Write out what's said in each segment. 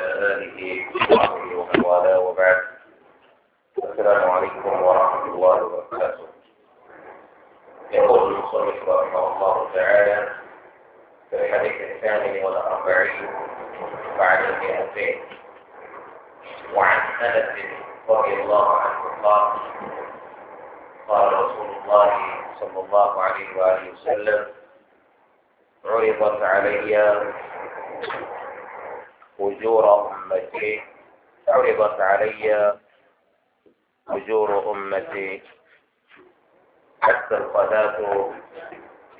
وعلى آله وصحبه ومن وبعد السلام عليكم ورحمة الله وبركاته يقول المصنف رحمه الله تعالى في الحديث الثامن والأربعين بعد المئتين وعن أنس رضي الله عنه قال قال رسول الله صلى الله عليه وآله وسلم عرضت علي أجور أمتي عرضت علي أجور أمتي حتى القذاة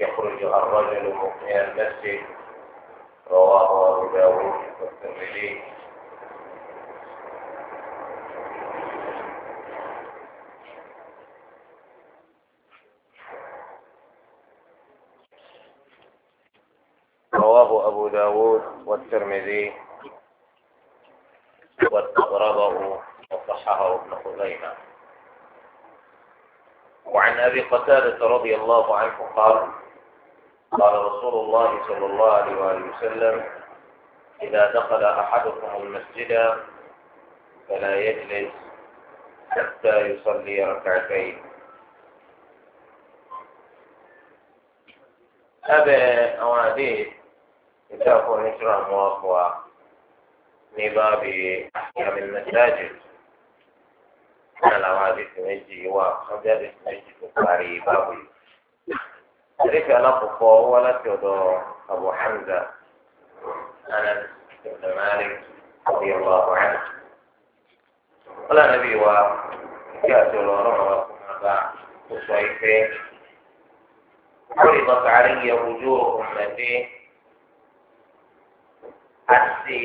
يخرجها الرجل من المسجد رواه أبو داود والترمذي رواه أبو داود والترمذي واستغربه وصححه ابن خزيمة وعن أبي قتادة رضي الله عنه قال قال رسول الله صلى الله عليه وسلم إذا دخل أحدكم المسجد فلا يجلس حتى يصلي ركعتين هذا أواديد إذا كنت رحمه ní báàbí àyàmì mẹsáàjì náà làwọn àdìsí méjì wà wọn jẹ àdìsí méjì tó parí báàbò yìí. àdìsí alákọ̀ọ́kọ́ wá láti ọ̀dọ̀ Abu Hamza Anas ibn Malik radiyallahu anhu. wọ́n lànà bí wa kí àti ọlọ́rọ̀ wa kó máa bá oṣù àìfẹ́. عرضت علي وجوه أمتي àti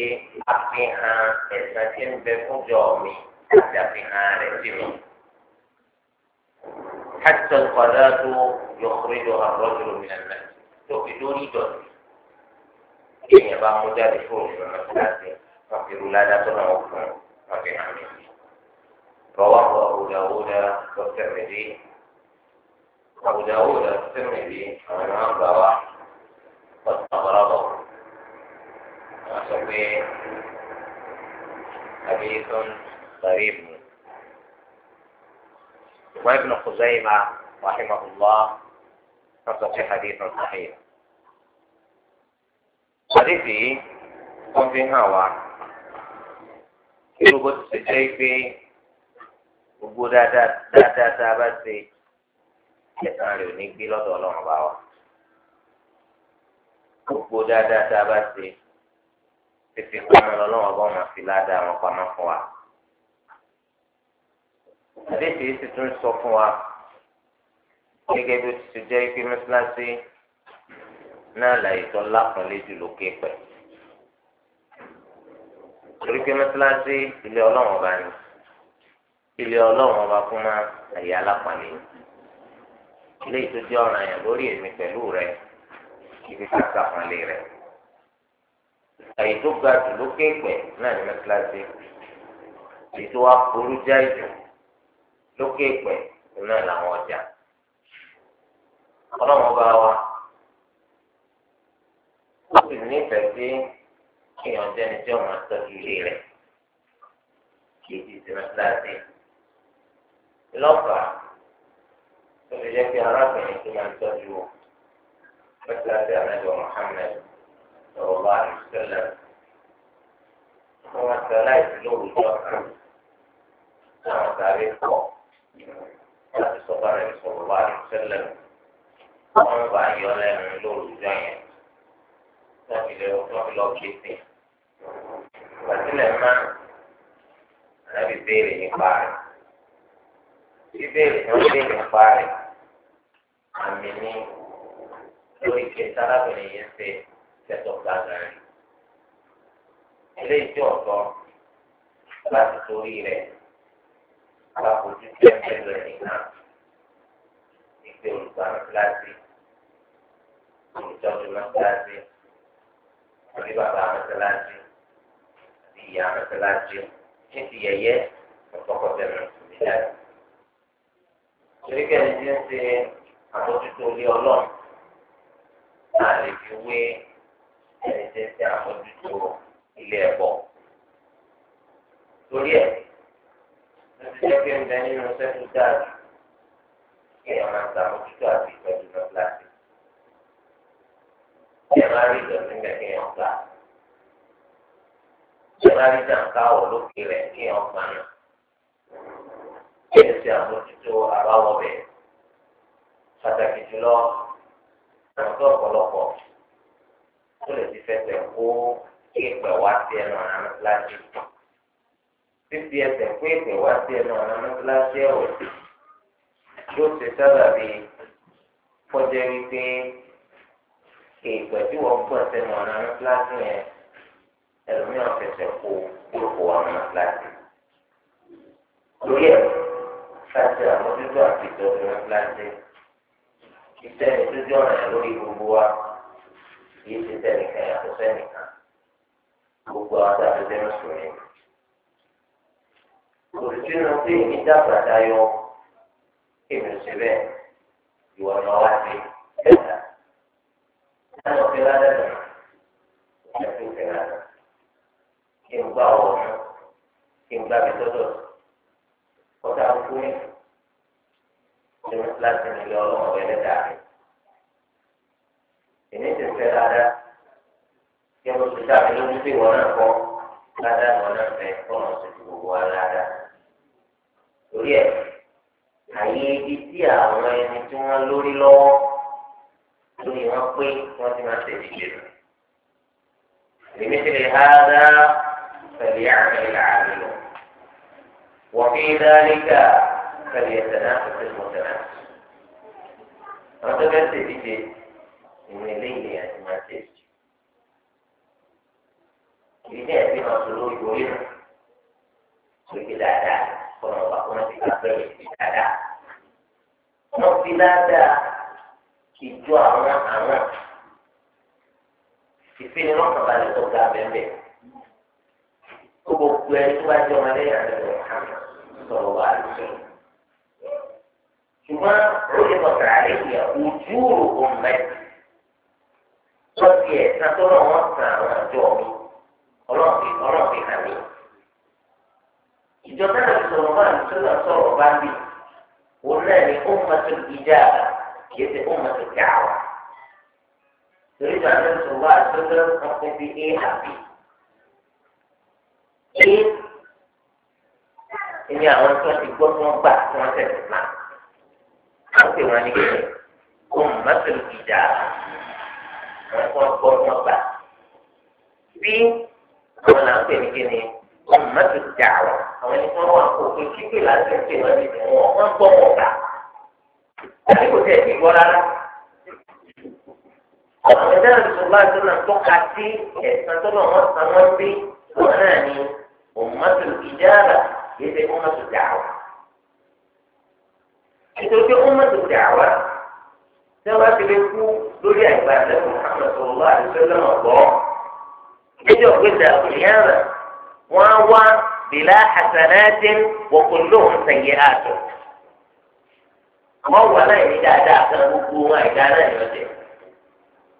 àfihàn ẹ̀sán tí ń bẹ fún jọ mi àti àfihàn rẹ̀ sí mi. حتى القذاة يخرجها الرجل من المسجد بدون دون كي يبقى مجال فوق من المسجد وفي الولادة نوفر وفي عمله رواه أبو داود والترمذي أبو داود والترمذي ومن أرضى والطبراني صحبه حديث قريب وابن خزيمة رحمه الله في حديث صحيح حديثي قم في هوا يبت سجيفي في دا دا دا بسي يتعلي ونيك بلو دولو عباوة وبودا دا دا بسي tètè pamọ́ lọ́wọ́ bá wọn fi ládàá wọn pamọ́ fún wa. àdéhùn yìí ti tún sọ fún wa gẹ́gẹ́ bí ó ti jẹ́ pé mẹ́sàlásí náà làyè tó lápọ̀nlé jù lókè pẹ̀. torí pé mẹ́sàlásí ilé ọlọ́run ọba ni ilé ọlọ́run ọba fún ma àyè alápọ̀nlé ilé ìtọ́jú ọ̀ràn yẹn lórí èmi pẹ̀lú rẹ̀ kíkí ká sàpọ̀nlé rẹ̀ àyè tó ga jù lókè pẹ̀ náà ní mẹ́tíláṣí èyí tó wá burú jáì jù lókè pẹ̀ náà làwọn ọjà ọlọ́wọ́n bá wa ó sì nífẹ̀ẹ́ sí kéèyàn jẹ́ni tí ọmọ àtọ́jú ilé rẹ̀ kì í ti sinmi lọ́fà tó fi jẹ́ pé arábìnrin tó máa ń tọ́jú mẹ́tíláṣí àlejò Muhammad sọ̀rọ̀ bá rí sẹ́lẹ̀ wọ́n ti aláìsí lóòótọ́ kan àwọn sáré pọ̀ láti sọ bá rẹ̀ sọ̀rọ̀ bá rí sẹ́lẹ̀ wọ́n bá yọ lẹ́nu lóòótọ́ yẹn wọ́n fi lè wọ́n fi lọ gbé sí i. Bàtílẹ̀ máa ànábì béèrè nípa rẹ̀ bíbélì tó béèrè nípa rẹ̀ àmì ní lórí kẹta arábìnrin yẹn ṣe kẹtọ gbàgbà rẹ eléyìí tí ọ̀tọ̀ láti torí rẹ alákòójú tẹ́lẹ̀ rẹ nìkan ìgbé olùgbàmù kíláàsì olùtọ́jú náà kíláàsì àbí bàbá mẹ́tẹ́láàsì àbí ìyá mẹ́tẹ́láàsì ní ti yẹyẹ ọ̀tọ̀kọ̀tẹ̀ rẹ ní dáadáa. torí kẹ́ni tí ń ṣe àmójútó ilé ọlọ́run náà lè fi wé ẹni tí ń ṣe ilé ẹ̀kọ́. torí ẹ̀ ló ti jẹ́ pé ń bẹ nínú sẹ́tù dáàbì kí ẹ̀ máa ta àmójútó àti ìtọ́jú náà láti. kí ẹ̀ máa rí ìdọ̀tí ń bẹ kí ẹ̀ ọ̀gá. kí ẹ̀ máa rí jàǹká wọ̀ lókè rẹ̀ kí ẹ̀ ọ̀gbà náà. kí ẹ̀ ṣe àmójútó àbáwọ̀ bẹ̀ pàtàkì jùlọ àwọn tó ọ̀pọ̀lọpọ̀ ó lè ti fẹsẹ̀ kó ìpè wá sí ẹnu ọ̀nà mọ́tíláṣí. fífi ẹsẹ̀ kó ìpè wá sí ẹnu ọ̀nà mọ́tíláṣí ẹ̀wọ̀ yóò ṣe sábà bí fọ́jẹ́ wípé ìpè tí wọ́n gbọ́ sẹ́nu ọ̀nà mọ́tíláṣí yẹn ẹlòmíràn fẹsẹ̀ kó kúròkó ọ̀nà mọ́tíláṣí. lórí ẹ̀ láti àmójútó àti ìtọ́jú mọ́tíláṣí. iṣẹ́ ìtújú ọ̀nà lórí gbogbo wa kìí ṣe sẹ́nìkan yàtọ̀ sẹ́nìkan gbogbo àwọn tàbí sẹ́nu sùnrin. Olùsínú tí èmi dàgbà dayọ èmi ò ṣe bẹ́ẹ̀ ìwọ ni wọ́n wá sí ẹ̀dá. Láti ọ̀fẹ́ ládàá ìyá tó fẹ́ ládàá. Kí n gbá ọ̀rọ̀ mú kí n gbá mi tọ́jọ́ kọ́tà fún mi. láti nílé ọlọ́run ọ̀rẹ́ èmi ti fẹ́ dáadáa kí ẹnu ti dáa pẹ̀lú wípé wọn náà kọ́ dáadáa ni wọn náà fẹ́ kọ́ ọ̀nà sí gbogbo wa dáadáa. torí ẹ̀ àyè ibi tí àwọn ẹni tí wọ́n lórí lọ́wọ́ lórí wọn pé wọ́n ti máa tẹ̀lé ìlú. لمثل هذا فليعمل العامل وفي ذلك فليتنافس المتنافس. أنا تبعت ìwé eléyìí àti máa ṣe jù ìdí ẹbí máa sọ lórí orí nù sókè dáadáa kọ́nà ọba kọ́nà ti ká bẹ́ẹ̀ sí dáadáa wọ́n fi dáadáa ìjọ àwọn àwọn ìfini wọn kàn balẹ̀ tó ga bẹ́ẹ̀ kó gbogbo ẹni tó bá jọ ọmọdé yàrá rẹ̀ hàn sọ̀rọ̀ wà lóṣèlú. ṣùgbọ́n ó lè bọ̀ sàrà lẹ́yìn ojú òògùn mẹ́ta gbọ́ ti ẹ̀sán tó lọ wọ́n sàn àwọn àjọ mi ọlọ́ọ̀fẹ́ ọlọ́ọ̀fẹ́ hàn mí. ìjọba náà sọ̀rọ̀ máa ń tó náà sọ̀rọ̀ bá mi òun náà ni ó máa tó ìjà kìí ṣe ó máa tó jà wá. torí ìjà náà sọ̀rọ̀ wá àtúntò ọ̀pẹ sí a àbí. a ni àwọn tó ti gbọ́ tí wọ́n gbà tí wọ́n tẹ̀sí náà. wọ́n pè ní kí ó máa tó ìjà ẹ̀kọ́ ọgbọ́ ní ọgbà bí àwọn náà ń pè ní kíni wọn má ti dà ọ àwọn ẹni tí wọn wà kó pé kíkì láti ń pè wọn ní wọn wọn gbọ́ wọn gbà àti kò tẹ̀ sí ìgbọ́ rárá. àwọn ẹ̀dá ìṣòro bá tó náà tọ́ka sí ẹ̀sán tó náà wọ́n san wọ́n bí wọn náà ní òun má ti ìjára yìí ṣe wọn má ti dà ọ. nítorí pé wọn má ti dà wá tí ti lè kú lórí àgbà lẹ́kọ̀ọ́. Muhammad sallallahu alaihi wasallam gbọ́ níjọ́ gbèsè àkùnyẹ́rẹ̀ wọ́n á wá bìlá hasanati wa kulluhum sayyi'atu. àmọ́ wà náà ní dáadáa kan gbogbo wọn àìdá náà yọ jẹ.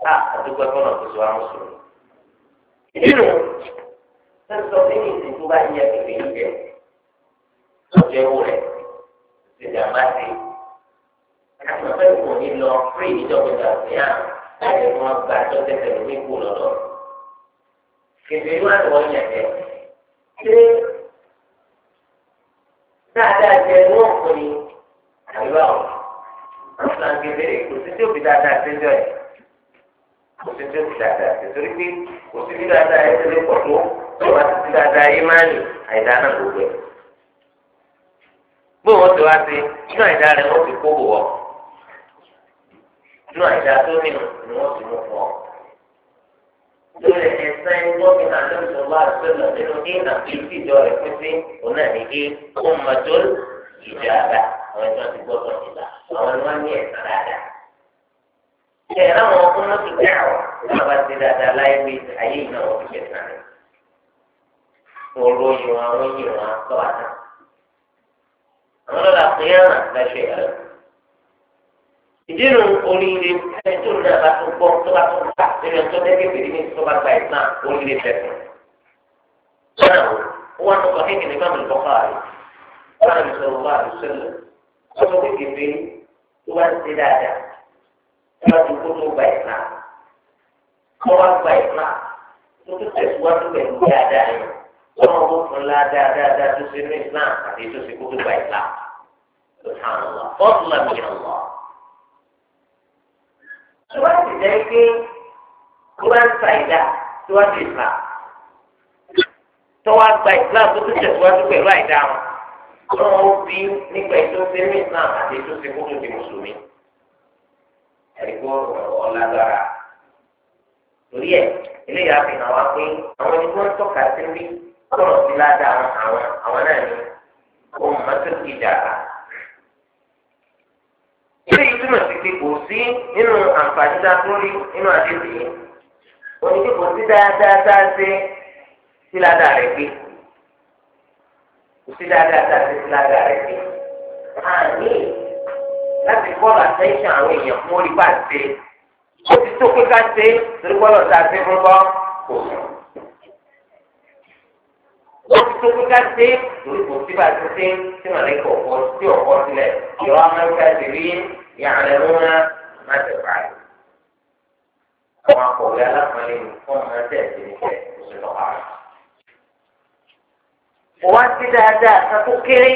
a àdúgbò ẹ̀kọ́ náà kò sọ àwọn sọ̀rọ̀. nínú sẹ́ńtọ́ nínú ìsìnkú bá yẹ kékeré jẹ lọ́jọ́ ewu rẹ̀ ṣèjàmbá sí àti ọ̀fẹ́ kò ní fún ìdíjọ́ gbèsè àkùnyẹ́rẹ̀ láyé wọn gba tó tẹsẹ̀ lórí kù lọ́dọ̀. Kìnìún wà ní wọ́n yàn jẹ́. Ṣé dáadáa jẹ ní wọ́n fún ni? Àyọ̀ ọ̀sán kékeré kò sí tí òbí dáadáa ṣe jọ ẹ̀. Kò sí tí òbí dáadáa ṣe torí pé kò sí bí dáadáa ẹ̀ ṣe lè pọ̀ tó. Tó wá sí dáadáa yé máa nì àìdá náà gbogbo ẹ̀. Gbé ti wá sí inú àìdá rẹ̀ wọ́n ti kó wọ̀. náà ìdá tó nínú ni wọ́n ti mú fún ọ. lórí ẹ̀sẹ̀ sẹ́yìn tó fi hàn lórí ìṣòwò àṣẹlẹ̀ nínú ní àbíyí ìjọ rẹ̀ pín sí òun náà ní kí ó mọ tó ìjà àgbà àwọn ìjọ ti gbọ́dọ̀ nígbà àwọn ni wọ́n ní ẹ̀sán dáadáa. ṣe àwọn ọkùnrin ti dá ọ wọn bá ti dáadáa láyé pé ayé ìná wọn fi kẹta rẹ. mo ròyìn wọn ròyìn wọn lọ́wọ́ àná. àwọn lọ́la pín ìdínú oríire ẹni tó lè bá tó gbọ́ tó bá tó gbà lórí ọjọ́ dẹ́gẹ́gẹ́rì ní tó bá gba ìgbà oríire bẹ̀rẹ̀. sọ́nà ó wá tó kọ́ kéèké ní bámi lọ́kọ́ àrè wọ́n á lè sọ̀rọ̀ wá àrè sẹ́lẹ̀ ọjọ́ kéèké tó bá ti dáadáa tó bá ti kó tó gba ìgbà tó bá gba ìgbà tó tó tẹ̀síwájú pẹ̀lú dáadáa yẹn wọ́n mọ̀ ó fún la dáadáa tó ṣe ní ìgbà àti tó ṣe kó tó gba ìgbà tó bá ti jẹ́ pé kó bá ń sa ìdá tó wá ti ìsìlá tó wá gba ìsìlá tó tún tẹ̀síwájú pẹ̀lú àìdá wọn wọn ó bí nípa ètò sẹ́mi islam àti ètò sẹ́mi tó di mùsùlùmí ẹ̀ríkó ọ̀làdàrà torí ẹ̀ eléyìí àfihàn wa pé àwọn ẹni tó ń tọ́ka sí ní ọ̀rọ̀ sí ládàá àwọn àwọn náà ní ohun mọ́tò ìjàmbá ilé yìí túmọ̀ sí pé kò sí nínú àǹfààní tá a tún rí nínú àdéhùn yìí òní pé kò sí dáadáa tá a ṣe sí ládàá rẹ̀ gbé kò sí dáadáa tá a ṣe sí ládàá rẹ̀ gbé àní láti bọ́ọ̀lù àtẹ́sán àwọn èèyàn fún orí bá ṣe ó ti tó pé ká ṣe torí bọ́ọ̀lù tá a ṣe fún bọ́ kò sí tó kó ká dé lórí kò sí bá ti dé tí màá lẹ́kọ̀ọ́ ọ̀pọ̀ tí ọ̀pọ̀ sílẹ̀ ìwà amẹ́ríkà ti rí ìyàrá lọ́nà má tẹ̀ báyìí. àwọn akọ̀wé alákùnrin fún ọmọ tẹ̀ sí ìṣẹ̀ òṣèlú ààrẹ. òwá sí dáadáa kan tó kéré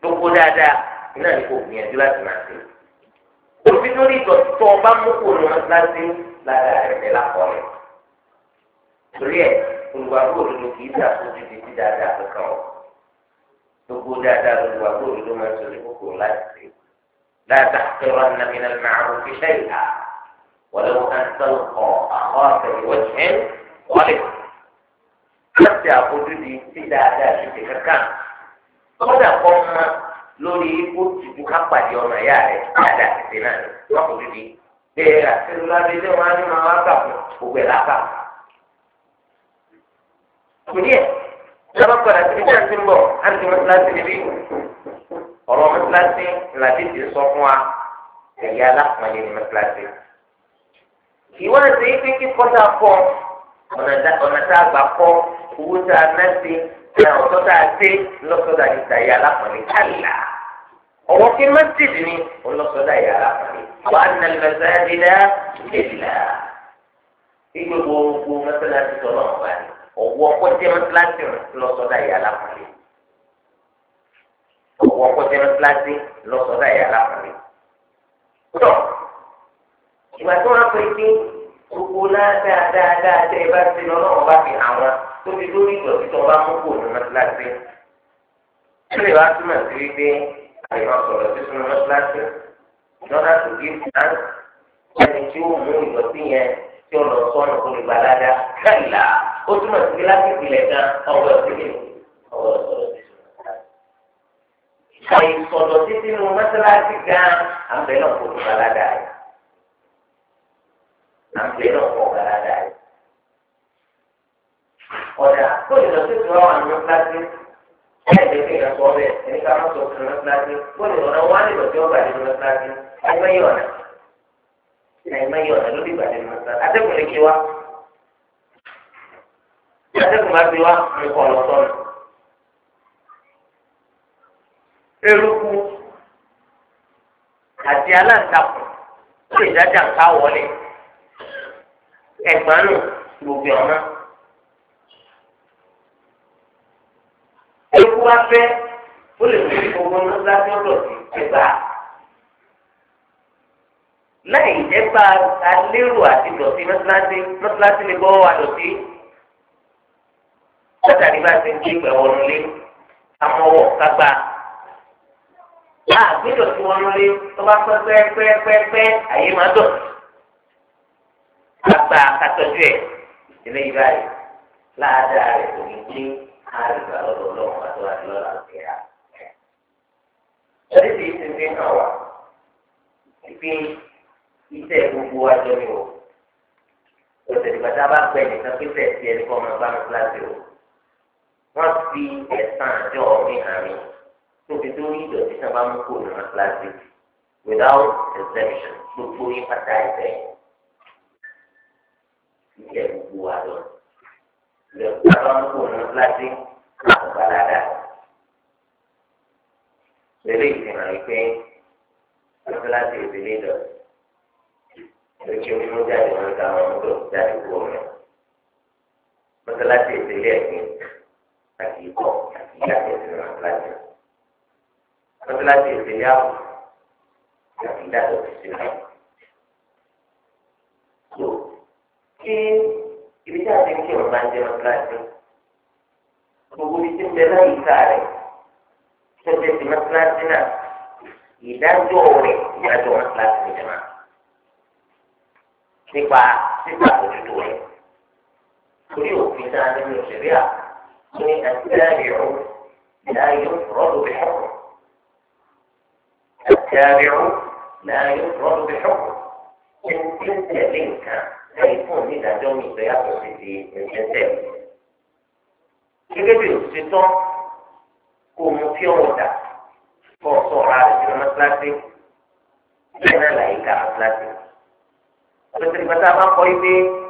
gbogbo dáadáa iná ní kò gbìyànjú láti máa ṣe. òbí lórí ìdọ̀tí ọba mú kò lọ́ọ́ láti lára ẹ̀mí lápọ̀ olùwàgbọ́ òdodo kì í dà tó ti di ti dáadáa kankan o gbogbo dáadáa olùwàgbọ́ òdodo máa ń sọ ní kókó láti ṣe láti àtẹwà nàmínà màrún fi ṣe ìhà wọlé wọn kàn sọ̀rọ̀ kọ àwọn àtẹwọ jẹ wọlé láti àfojúdi ti dáadáa ti di kankan kódà kọ́ mọ́ lórí ikú tìjú ká ọmọ ìyá rẹ̀ dáadáa ti di náà lọ́kùnrin bẹ́ẹ̀ àti lórí abẹ́lé torí ẹ̀ ìjọba padà sí ibi àti ńbọ̀ àti mọ́tíláṣí níbí ọ̀rọ̀ mọ́tíláṣí làdí ti sọ fún wa ẹ̀yà alákùnrin ní mọ́tíláṣí. ìwádìí pé kíkọ́ tá a kọ́ ọ̀nà tá a gbà kọ́ owó tá a ná sí ẹ̀ ọ̀tọ́ tá a dé lọ́sọ̀dà ní ìtàyà alákùnrin kálá ọwọ́ kí mọ́tíìdì ni ọlọ́sọ̀dà ìyá alákùnrin wà á nà lọ́sọ̀dà ìlà ọwọ́ kọjá mọ́tíláṣí lọ́sọ̀dá ìyá alákùnrin ọwọ́ kọjá mọ́tíláṣí lọ́sọ̀dá ìyá alákùnrin. tó ìgbà tí wọ́n á pè pé gbogbo dáadáa dáadáa tẹ́ ẹ bá ti lọ náà wọ́n bá fi àwọn tó fi lórí ìdọ̀tí tó bá mú kó ní mọ́tíláṣí. ẹlẹ́ wàá túmọ̀ sí wípé àyẹ̀wò sọ̀rọ̀ sí sunu mọ́tíláṣí lọ́dà tó gé fún ẹni tí ó mú ìdọ̀tí yẹn tí ó lọ sọ́nà kó lè dáadáa kẹ́lá ó túmọ̀ sí kíláàsì ilẹ̀ gan ọ̀wọ́ ìdílé ọ̀wọ́ ìsọ̀rọ̀ sí ṣe ìsọ̀dọ̀ títí nu mọ́sálásí gan àbẹ̀ náà kò tó balada rẹ̀ àbẹ̀ náà kò balada rẹ̀ ọ̀dà kó ìlọsí tó wà ní mọ́sálásí ẹ̀ẹ́dẹ̀ fi hàn sọ bẹ́ẹ̀ ẹni ká má sọ fún mọ́sálásí kó ìlọ̀nà wà ní ìlọsí ọgbà ní mọ́sálásí ẹ̀mẹ́yọ̀nà ẹ̀mẹ́yọ̀nà ló dìgbà ní mọ́sálásí ìyàtẹ̀kùn máa ti wá ní kọ́ ọ̀lọ́tọ́ rẹ̀. eruku àti aláǹtakùn ó lè dájà ká wọlé ẹ̀gbọ́n nù gbogbo ọ̀nà. eruku wá fẹ́ ó lè fi gbogbo ọ̀nà láti ọ̀dọ̀ sí ẹgbàá láì jẹ́ pa alérò àti dọ̀tí mọ́tíláṣí mọ́tíláṣí lè bọ́ wa dọ̀tí látàrí bá ti ń gbé ìpè wọnú lé amọwọ kápá àgbélò tí wọnú lé tó bá pẹ pẹ pẹ pẹ pẹ àyè máa dùn kápá kátọjú ẹ ilé ìgbà rẹ láàdáa rẹ kò ní gbé àrùbá lọ́dọ̀ Ọlọ́run àti wàá lọ́la òkè rà ẹni tí ti fi hàn wá ìpè iṣẹ́ gbogbo wa jọ ni o ó sì bá pẹ nìkan pé tẹsí ẹni kọ́ ọmọ bá mi kíláàsì o wọ́n fi ẹ̀sán àjọ mi hàn mí tóbi tó rí ìdọ̀tí sábà ń kó ní wọn without exception gbogbo yín pátá ẹ̀fẹ́ ìjẹ́ gbogbo wa lọ. ìdọ̀tí sábà ń kó ní wọn kíláàsì láwọn balada. Bẹ̀rẹ̀ ìfihàn ìpín kíláàsì ìdílé ìdọ̀tí. Ìrètí onímọ̀ jáde wọn ká wọn mọ́tò jáde kúrò rẹ̀. Mọ́tò láti ẹ̀gbìn. àti ikọ̀ àti ìyá àtẹ̀sẹ̀ rẹ̀ láti. Mọ́tíláṣí ìgbéyàwó àti ìdá àtẹ̀sẹ̀ rẹ̀. So kí ibi tí a ti ń kí ọ̀rọ̀ máa ń jẹ́ mọ́tíláṣí. Gbogbo ibi tí ń bẹ láyé ká rẹ̀ tó ń bẹ sí mọ́tíláṣí náà ìdájọ́ rẹ̀ ìdájọ́ mọ́tíláṣí nìjọba. Nípa nípa àbójútó rẹ̀. Torí òfin náà nínú ìṣẹ̀lẹ̀ àpò. من التابع لا يفرض بحكم التابع لا يفرض بحكم ان كنت منك سيكون اذا دوم سيقف في الجسد كيف يصيبون كمفيوتا فرصو عارف لما تلاتي لنا لايكا تلاتي فتري فتابا قوي بي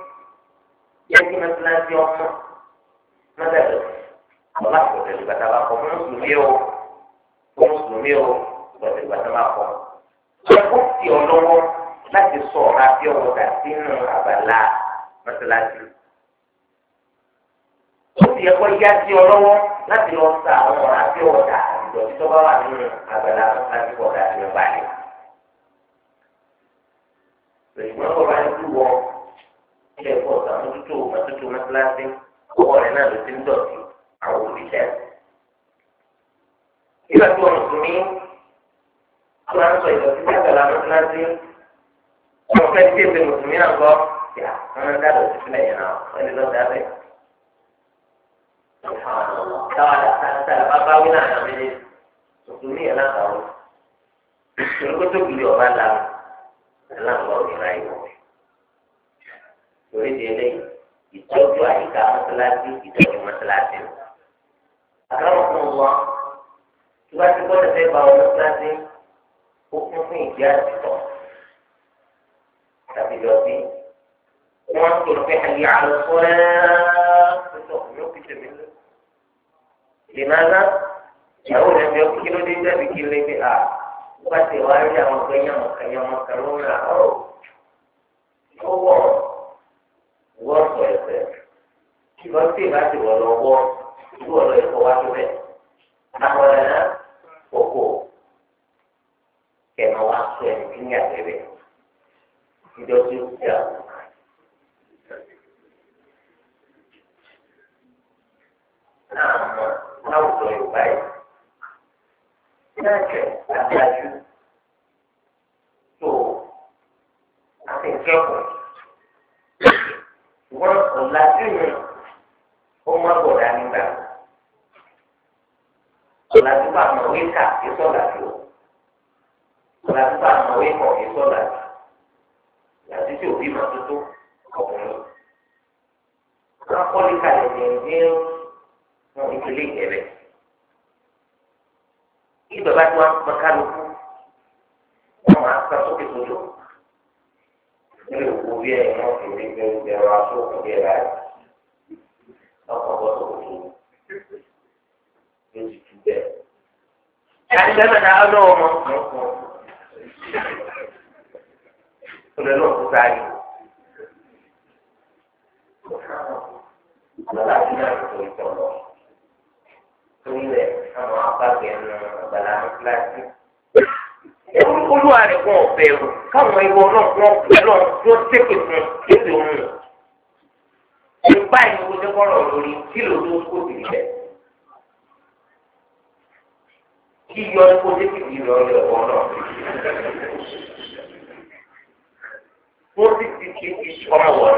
يكي مثلا في أمه mọ́tẹ́lẹ̀ àwọn láti ọ̀dẹ̀ ìgbà tá a bá kọ mùsùlùmí o fún mùsùlùmí o ọ̀dẹ̀ ìgbà tá a máa kọ. ṣé ó ti ọ lọ́wọ́ láti sọ ọ̀rá bí ọwọ́ dà sínú àbàlá mọ́tẹ́láṣí? ó ti yẹ kó yá sí ọ lọ́wọ́ láti lọ sa àwọn ọ̀rá bí ọwọ́ dà ìdọ̀tí tó bá wà nínú àbàlá mọ́tẹ́láṣí pọ̀ dà sí ọgbà yẹn. ṣèyí mọ́tò bá ń dúró ilé ẹ̀kọ́ ọwọ́ rẹ̀ náà ló ti ń dọ̀tí àwọn òrìṣẹ́. ìgbà tí wọn sùn mí wọn máa ń sọ ìdọ̀tí sábàlá mọ́tíláṣí wọn fẹ́ tí èsè mùsùlùmí náà gbọ́ yà wọn ń dábọ̀ sí sílẹ̀ yẹn náà wọn lè lọ dábẹ́. táwa dáadáa bá bá wí náà yàrá méjì náà kàwé ìṣòro gbòdì ẹ̀ náà lọ́ọ̀rì ráyè ìtọ́jú àyíká mọ́sálásí ìtọ́jú mọ́sálásí o. àkàrọ̀ fún wọn tí wọ́n ti gbọ́dọ̀ fẹ́ bá wọn mọ́sálásí ó kún fún ìdí àtìtọ́ tàbí lọ sí. wọ́n ń tòrò pé àyè àlùfọ́ ẹ̀ẹ́dẹ́gbẹ̀sọ̀ ní ó kìí tẹ̀mí lọ. ìnáná ìyàwó rẹ̀ fi ọkùnrin ló dé dẹ́bi kí lé ní à wọ́n ti wá rí àwọn ọ̀gbẹ́yàmọ̀kẹ́yàmọ̀kẹ́ lóra ọ̀ wọ́ pẹ̀lẹ́pẹ̀ ṣùgbọ́n tí ìbá ti wọ̀ lọ wọ́ ìwọ̀ lọ ẹ̀kọ́ wá tó bẹ̀. àkọlẹ̀ náà kókó kẹ̀mọ́ wá sọ ẹni tí ń yà bẹ̀rẹ̀ ìdọ́jú ìjà. náà mọ láwùjọ Yorùbá yìí náà àti àjù tó àti ìjọkùn wọn ọ̀làjú yẹn ó má bọ̀dá nígbà ọ̀làjú bá mọ̀ wí kà kí sọ̀là jù ọ̀làjú bá mọ̀ wí kọ̀ kí sọ̀là jù ọ̀làjú tí òbí mọ̀ tuntun ọ̀kùnrin wọn kọ́ lé kalẹ̀ ní ẹ̀yìn wọn ìdílé ìyẹ̀rẹ̀ kí bàbá tí wọn mọ kálukú wọn máa sọ sókè sódò nílé òkú bí ẹ̀ wọ́n fi ní pé ó jẹ́ wá tó kọ̀ bí ẹ̀ láì lọ́kọ̀ bọ́tò òkú ló tú bẹ́ẹ̀. àìsàn náà dáa lọ́wọ́ mọ́ lọ́kọ̀ ó lè lọ́ọ̀ kú sáyé. Lọ́la ti náà tó ìtọ̀ lọ. Torí rẹ̀ àwọn apá gẹ̀ẹ́nù àgbàlá ní kíláàsì olúwa rẹ̀ kún ọ̀bẹ o káwọn ìwọ náà kún ọ̀bẹ náà tí wọ́n tẹ́kẹ̀ fún ètò òun. ìgbà ìwọ ní kọ́rọ̀ lórí kílò ló kó bìrì bẹ́ẹ̀. yíyọ kó tẹ́kẹ̀ bìrì lọ lọ ọ̀ náà. wọ́n ti ti ti ti sọ́mọ wọ̀.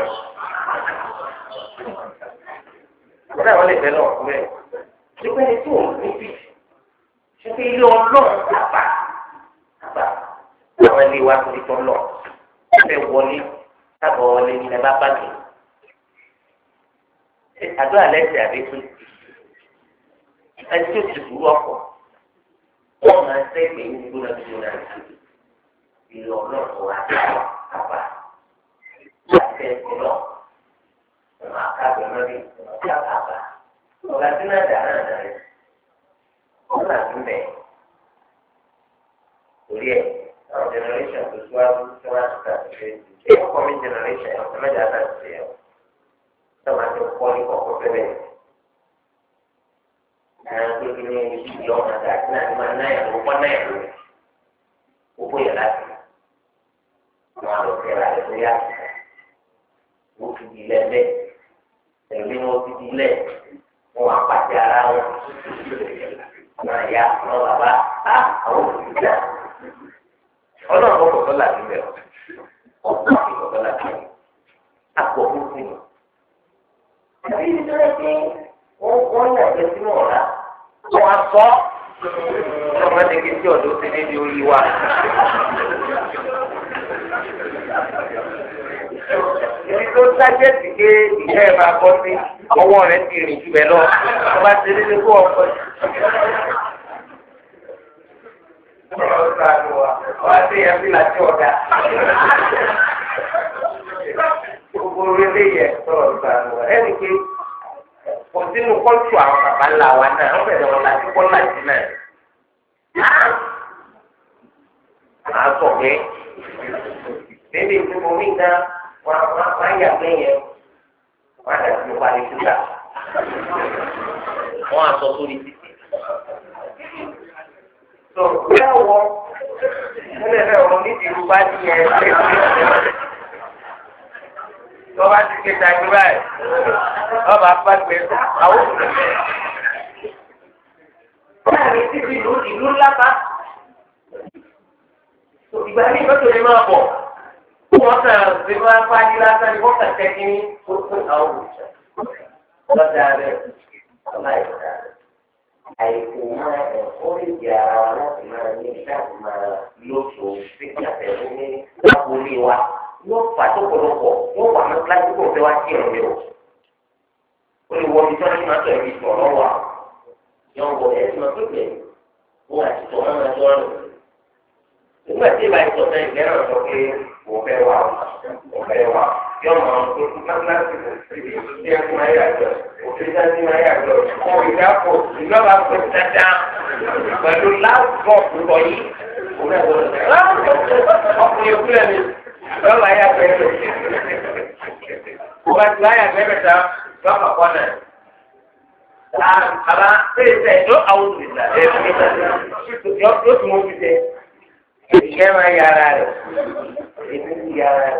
ọ̀dà wọn lè fẹ́ náà fún ẹ. ṣùgbọ́n ẹni tí òun ní bí ṣùgbọ́n ilé ọlọ́run lápá àwọn ilé wa ti tọ́ lọ ẹ̀fẹ̀ wọlé káàbọ̀ wọlé ní ẹ bá bàjẹ́ àdó alẹ́ ti àbẹ́tú ẹtí òtù burú ọkọ̀ wọ́n máa ń sẹ́gbẹ̀ yín gbóná gbóná ìlú ọlọ́run wa àbá láti ẹ̀kọ́ náà ọmọ akáàbọ̀ lórí ọjà bàbá ọ̀gá tí náà dà náà dà rẹ̀ ọ̀gá tó bẹ̀ torí ẹ̀ àwọn generation tó síwájú tí wọ́n ti ṣàtúnṣe ṣé wọ́n kọ́ mi generation ẹ̀ ọ̀sẹ̀ mẹ́ta àti àti ẹ̀ ṣé wọ́n ti kọ́ ní kọ́kọ́ fẹ́rẹ̀ náà tó ti ní ibi ìyá ọ̀nà àti náà ní máa náà yẹn lọ́wọ́ náà yẹn lọ́wọ́ gbogbo yẹn láti wọn àlọ́ kẹ́ra ẹ̀ bóyá wọ́n ti di lẹ́lẹ́ ẹ̀mí wọn ti di lẹ́ wọn àpàtì ara wọn wọn àyà wọn bàbá àwọn òṣìṣẹ́ ọlọ́run kọ́kọ́ tó là níbẹ̀ ọ̀pọ̀ kọ́kọ́ tó là níbẹ̀ àpò òkú ni. àbí ìdílé pé wọ́n kọ́ ní ọ̀jẹ̀ sínú ọ̀la tó wá sọ ọmọ ẹ̀dẹ́gẹ́ tí ọ̀dọ́ ti dé di orí wa. èyí tó sájẹ́ sí pé ìyá ẹ̀ máa bọ́ sí ọwọ́ rẹ̀ ti rìn jù bẹ́ẹ̀ lọ. ọba ti rí ní kó ọkọ̀ yìí ọ̀rọ̀ sọ àlùwà wá sí ẹbí láti ọ̀dà. Gbogbo orílẹ̀ yẹ ọ̀rọ̀ sọ àlùwà ẹni pé kò sínú kọ́tù àwọn bàbá ńlá wa náà wọ́n bẹ̀rẹ̀ wọn láti kọ́ láti náà. Màá sọ pé bébí ìdúró mi ná wọn máa ń yà pé yẹn wọn á dàbí ìwà ìdúrà. Wọ́n á sọ sórí títì tó bẹ́ẹ̀ wọ nílẹ̀ bẹ́ẹ̀ wọ nídìí irú bá ti yẹ ẹ́ lọ́ba ti ké ta irú báyìí lọ́ba bá gbé àwọn òṣèlú. láàrin títí ìlú ìlú ńlá bá ìgbà ní ìgbésẹ̀ lè máa bọ̀ kí wọ́n kàn lè máa fáyé lásán ni wọ́n kàn tẹ́ ní kó fún àwọn òṣèlú. lọ́jà rẹ̀ ọ̀la ìgbà àìsèmáà ẹ̀fọ́ ìdí ara wa láti máa ní láti máa lóṣù sígbà tẹ̀lé ní lápòlí wa yóò fà tó pọ̀lọpọ̀ yóò wà ní kíláàsì kò fẹ́ wá sí ẹ̀rọ mi o. ó lè wọ ibi tí wọ́n ti máa tẹ̀lé ìtàn lọ́wọ́ a yóò wọ ẹ̀ tí wọ́n wọ́n àti tọ́ máa tọ́ ọ́nà. nígbà tí ìbá ìtọ́ wọ́pẹ́ wà wọ́pẹ́ wà yọmọ mọ́tíláṣí ìdí tí ẹ fún ayé àjọ òṣèlú ẹni ayé àjọ kọ́ ìdáàbò ìlọ́ba pé dáadáa pẹ̀lú láàbọ̀ púpọ̀ yìí ọkùnrin òkúlẹ̀ mi lọ́la ayé àjọ ẹ̀rọ òbá ti láyé àjọ ẹ̀rọ ta lọ́kà kọ́nà àbá pèsè ẹ̀dọ́ àwọn òṣèlú ẹ̀rọ yóò tún mọ́ fi tẹ́ ìṣẹ́ máa yára rẹ̀ ètò ti yára rẹ̀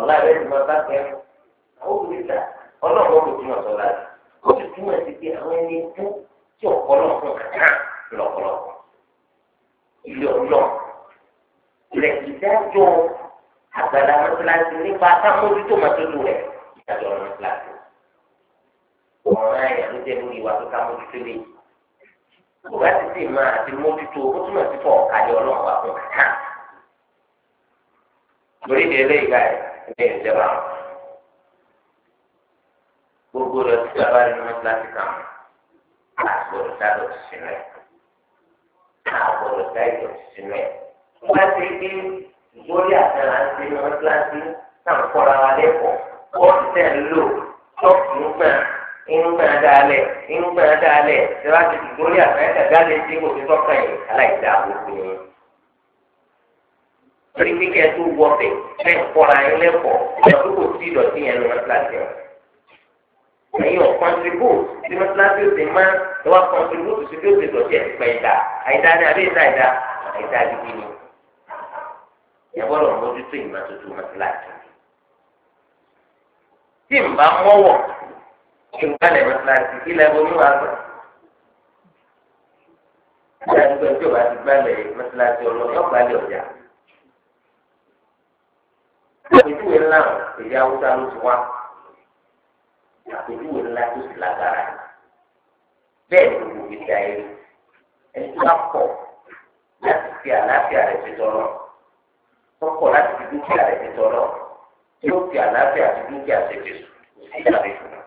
ọ̀la rẹ̀ ti máa bá kẹ́rù àwọn òbíta ọlọ́run ló ti máa sọ láti ó ti túmọ̀ sí pé àwọn ẹni tó tí ọ̀pọ̀lọpọ̀ kàkà lọ̀pọ̀lọpọ̀ ilé ọlọ́ ilẹ̀ ìdájọ́ àgbàlá mọ́tíláṣí nípa sáfójútó màtótó rẹ̀ ìdájọ́ mọ́tíláṣí ọ̀ràn àyà ló jẹ́ lórí wa tó ká mọ́tótó lé yìí kó bá ti sì máa àti mójútó ó túmọ̀ sí fọ ọ̀kadì ọlọ́run wà fún kàkà. lórí ìdí eléyìí báyìí ilé ìjọba gbogbo rẹ̀ tí a bá rí nínú láti kàn án àgbọ̀dọ̀ dáadọ̀ sínú ẹ̀ àgbọ̀dọ̀ dáadọ̀ sínú ẹ̀. wọ́n bá ti gbé lórí àtàlà ń ṣe nínú kíláàsì náà kọ́ra wa lẹ́kọ̀ọ́ wọ́n ti tẹ̀ ń lò ṣọ́ọ̀kì ìnùgbọ̀n dalẹ̀ ìnùgbọ̀n dalẹ̀ ìwà ti gbórí àfẹ́yẹ́dà dalẹ̀ tí kò ti tọ́ka yìí aláìsí àbùkù yìí. torí kíkẹ́ tó wọ́pẹ̀ bẹ́ẹ̀ kọ́ra yín lẹ́kọ̀ọ́ ìjọba kò sí ìdọ̀tí yẹn ní mọ́tíláṣí wọn. ẹ̀yin ò kọ́ntribú sí mọ́tíláṣí ó ti máa ẹ wá kọ́ntribú sí bí ó ti dọ̀tí ẹ̀ pẹ̀ ìdá àìdá ni àbí ìdá ìdá àìdá gidi ni. ìyàbọ̀dọ̀ mójútó ìmọ̀ tuntun mọ́tíláṣí. tí ì ìmọ̀lẹ̀ mọ́tíláṣí ilẹ̀ bomi wà gbà. Ìdájọ́ tí o bá ti gbálẹ̀ mọ́tíláṣí ọlọ́run yóò gbálẹ̀ ọjà. Àpèjúwe ńlá èyí Haúsá ló ti wá. Àpèjúwe ńlá tó sì lágbára. Bẹ́ẹ̀ ni gbogbo ìdí ayé ẹni tó bá pọ̀ láti fi àlàáfíà rẹ̀ ti tọrọ. Tọ́kọ̀ láti fi dúkìá rẹ̀ ti tọrọ. Yóò fi àlàáfíà ti dúkìá ṣe fi sùn. Kò sí ìyàrá ìfúnná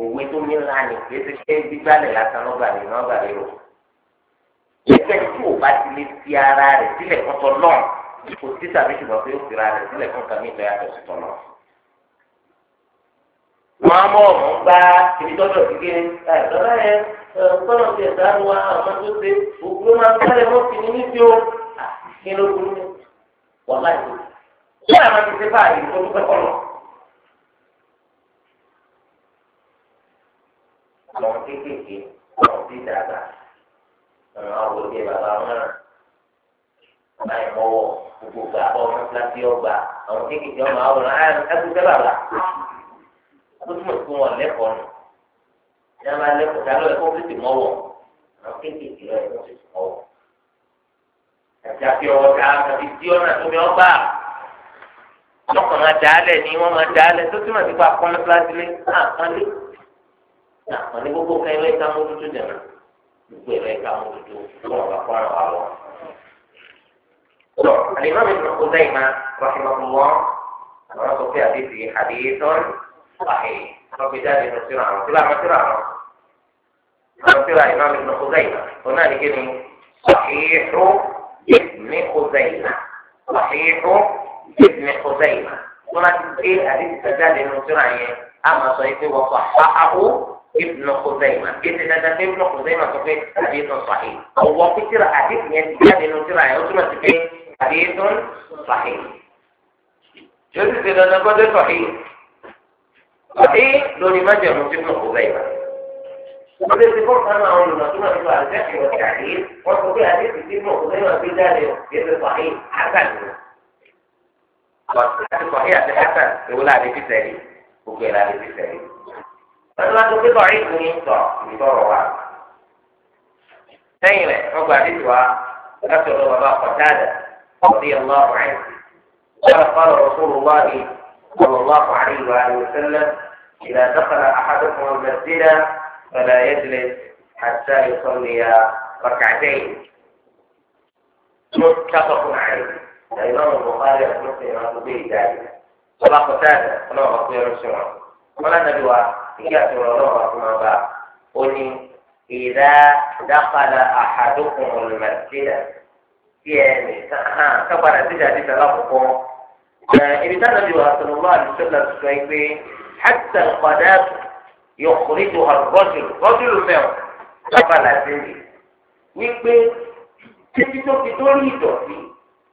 òwe tó ní ńlá ni kì í ti ṣe gbígbálẹ̀ lásán lọ́gbà rẹ̀ lọ́gbà rẹ̀ o. ìgbẹ́ tí o bá ti lè fi ara rẹ̀ sílẹ̀ kọ́tọ̀ náà kò sí tàbí ṣùgbọ́n pé ó fi ara rẹ̀ sílẹ̀ kọ́tọ̀ ní ìtọ́ yàtọ̀ sọ̀tọ̀ náà. wọ́n á mọ̀ ọ̀mọ́ gba ibi tọ́jọ́ sí kí ẹ̀ẹ́dọ́lá yẹn kọ́nà ti ẹ̀dá o kí àwọn kéékèèké àwọn tí dàgbà àwọn àwòdì bàbá mọ́ra báyìí mọ́wọ́ gbogbo gbà bọ́ ọmọ kíláàsì ọgbà àwọn kéékèèké ọmọ àwòrán ẹgbẹ́ bàbá ó túmọ̀ sí wọn lẹ́kọ̀ọ́ nù ní a máa lẹ́kọ̀ọ́ dálọ́ ẹ̀kọ́ fífi mọ́wọ́ àwọn kéékèèké lọ ẹ̀kọ́ fífi mọ́wọ́ ẹ̀jẹ̀ àti ọwọ́ ká àti tí ọ̀nà tó mi ọgbà lọ́kàn máa dálẹ̀ ni wọ́n máa dálẹ̀ tó túmọ̀ sí pé àkọ́lẹ́ kíláàsì lé náà ní gbogbo kan ẹ̀rọ ìka mójútó dẹ̀nà gbogbo ẹ̀rọ ìka mójútó fún ọ̀gá ara wa lọ. lọ àlìmọ́ mi tó kó sẹ́yìn máa rọ́ṣìmọ́ fún wọn àwọn sọ pé àdéhùn àdéhùn tán àhẹ́ wọn fi jáde lọ síra àwọn síra àwọn síra àwọn àwọn síra àlìmọ́ mi tó kó sẹ́yìn máa òun náà ní kí ni صحيح ابن خزيمة صحيح ابن خزيمة ثم تقول حديث الدجال المسرعين أما صحيح وصححه ابن خزيمة ابن هذا ابن خزيمة صحيح حديث صحيح هو فكرة حديث يتجاد إنه ترى يوتما تكين حديث صحيح جزء كده أنا قد صحيح صحيح لوني ما جاء من ابن خزيمة وبالذكر أنا أقول لما تقول أنه الجهل والتعليل وفي حديث ابن خزيمة في ذلك ابن صحيح حسن بس صحيح حسن يقول عليه في ذلك وكيل عليه في ذلك ẹni wọn tó pé bọ̀ ìlú ní sọ ìtọrọ wa sẹ́yìn rẹ̀ wọ́n gba àdéhùn wa láti ọ̀dọ̀ bàbá kọ̀tàdà ọ̀dí ọ̀lá ọ̀hún قال قال رسول الله صلى الله عليه وآله وسلم إذا دخل أحدكم المسجد فلا يجلس حتى يصلي ركعتين متفق عليه الإمام البخاري ومسلم وأبو ذلك ولا قتادة ولا غفير الشمال ولا ندوة ìyá àti ọlọ́run àti ọba ó ní ìdá dápadà àhàdókùn olùmọ̀sílẹ̀ tí ẹ nìkan hàn kápadà síjà àti ìjà lákòókò. ibi táwọn ọdún wa sọ̀rọ̀ wá àdúgbò sọ ẹ pé hàtà padà yọkùnrin tó hàn rọ́jùlù rọ́jùlù mẹ́wọ̀n kápadà sílẹ̀ wípé títí tó fi dórí ìdọ̀tí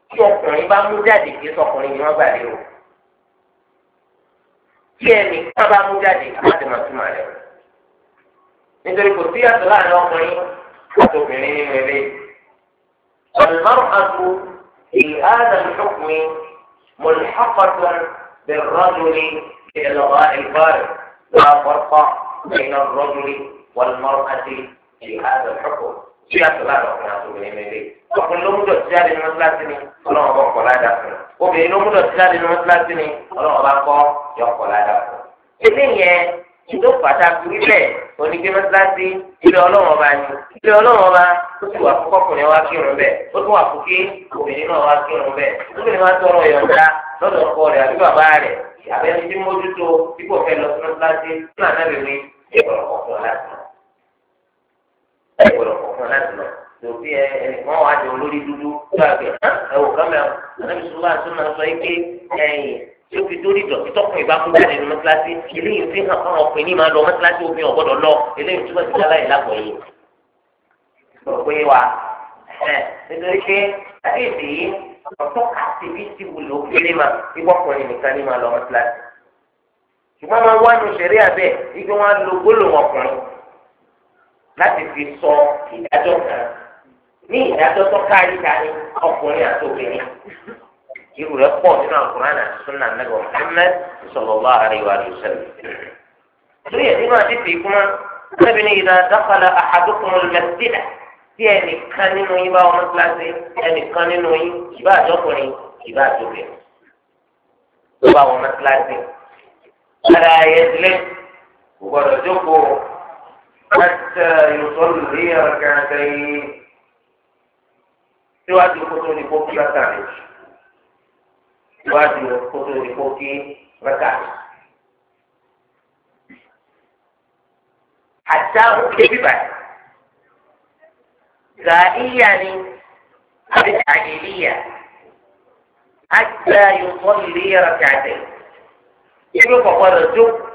tí ọkùnrin bá mú jáde kí sọkùnrin ni wọ́n gbà lérò. díẹ̀ ní sábà mú jáde láti máa túmọ̀ rẹ̀. nítorí kò sí àtọ̀ ní ọkùnrin àti obìnrin nínú eré. المرأة في هذا ẹ ملحقة بالرجل بإلغاء الفارق لا فرق بين الرجل والمرأة في هذا الحكم tí a sọ láàrin ọkùnrin àti obìnrin nílé ọkùnrin ló mú dọ̀tí jáde nínú kíláàsì ni ọlọ́run ọba kọ̀ ládàá fún un obìnrin ló mú dọ̀tí jáde nínú kíláàsì ni ọlọ́run ọba kọ́ yọ kọ̀ ládàá fún un. ilé yẹn ìlú pàtàkì ilẹ̀ onígbé mọ́sálásí ilé ọlọ́run ọba ni ilé ọlọ́run ọba ó sì wà fún ọkùnrin wa kírun bẹ́ẹ̀ ó tún wà fún kí obìnrin náà wá kírun bẹ́ẹ̀ obìnrin wa tọrọ yọ̀ǹda lọ́dọ̀ ọkọ rẹ̀ àbí bàbá rẹ̀ àbẹ́ni tí mójútó bí kò fẹ́ lọ ẹ gbọ́dọ̀ kọ̀ọ̀kan láti lọ tòbí ẹ ẹnìkan wà jẹ olórí dúdú tó àgbẹ̀ ẹ wò kámẹ́ ọ ẹnìkan sọ wá sọ́nà sọ yìí pé ẹ̀yìn tí ó fi dórí dọ̀tí tọkùnrin bá kúrò nínú mọ́tíláṣí eléyìí fi hàn fún ọkùnrin ní máa lọ mọ́tíláṣí obìnrin ọ̀gbọ́dọ̀ lọ eléyìí túbọ̀ ti dáláyè lápò yìí. pé wa ẹ nítorí pé káyọ̀dé yìí ọ̀tọ́ àtìbí ti wùlò kéré ma ìwọ́kùnrin nìkan ní máa lọ mọ́tíláṣí. ṣùgbọ́n máa wá nu ṣẹ̀rí àbẹ́ igi wọn lo gbólóhùn ọkùnrin láti fi sọ ìdájọ́ kan ní ìdájọ́ tó kárí dání ọkùnrin àti obìnrin irú rẹ̀ pọ̀ nínú àkùnrin àti sunna nàgbà Muhammad sallallahu alaihi wa sallam. lórí ẹ̀ nínú àti fi kúmá lẹ́bi ní idha dakhala ahadukum al-masjid tí ẹnìkan nínú yín bá wọn kíláàsì ẹnìkan nínú yín ìbá àjọkùnrin ìbá àjọkùnrin ló bá wọn kíláàsì. ara ẹ̀ lé حتى يصلي ركعتين سواء يكون لفوق ركعتين سواء يكون لفوق ركعتين حتى أكتب بعد زائيا بالتعجيلية حتى يصلي ركعتين يبقى فرجه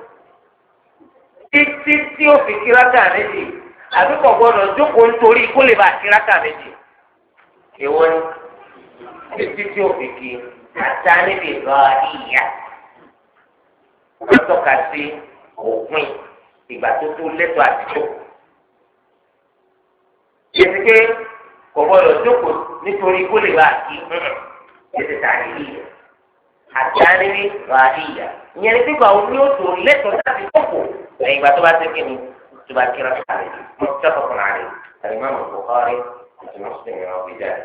títí tí ó fi kíráka méjì àbí kò gbọdọ̀ jókòó nítorí kó lè bá kíráka méjì. èwo ni títí tí ó fi kí ata níbi ìlọ ìyá wọ́n tọ́ka sí òpin ìgbà tó tó lẹ́tọ̀ àtijọ́. yẹ́sì pé kò gbọdọ̀ jókòó nítorí kó lè bá kí yẹ́sì tàbí ìyá ata níbi ìlọ ìyá ìyẹn ní pípa omi o tó lẹ́tọ̀ láti kọ́kọ́. لأن بعض بعض الكلمة تبقى كرة عليه متفق عليه الإمام البخاري مسلم وأبو داود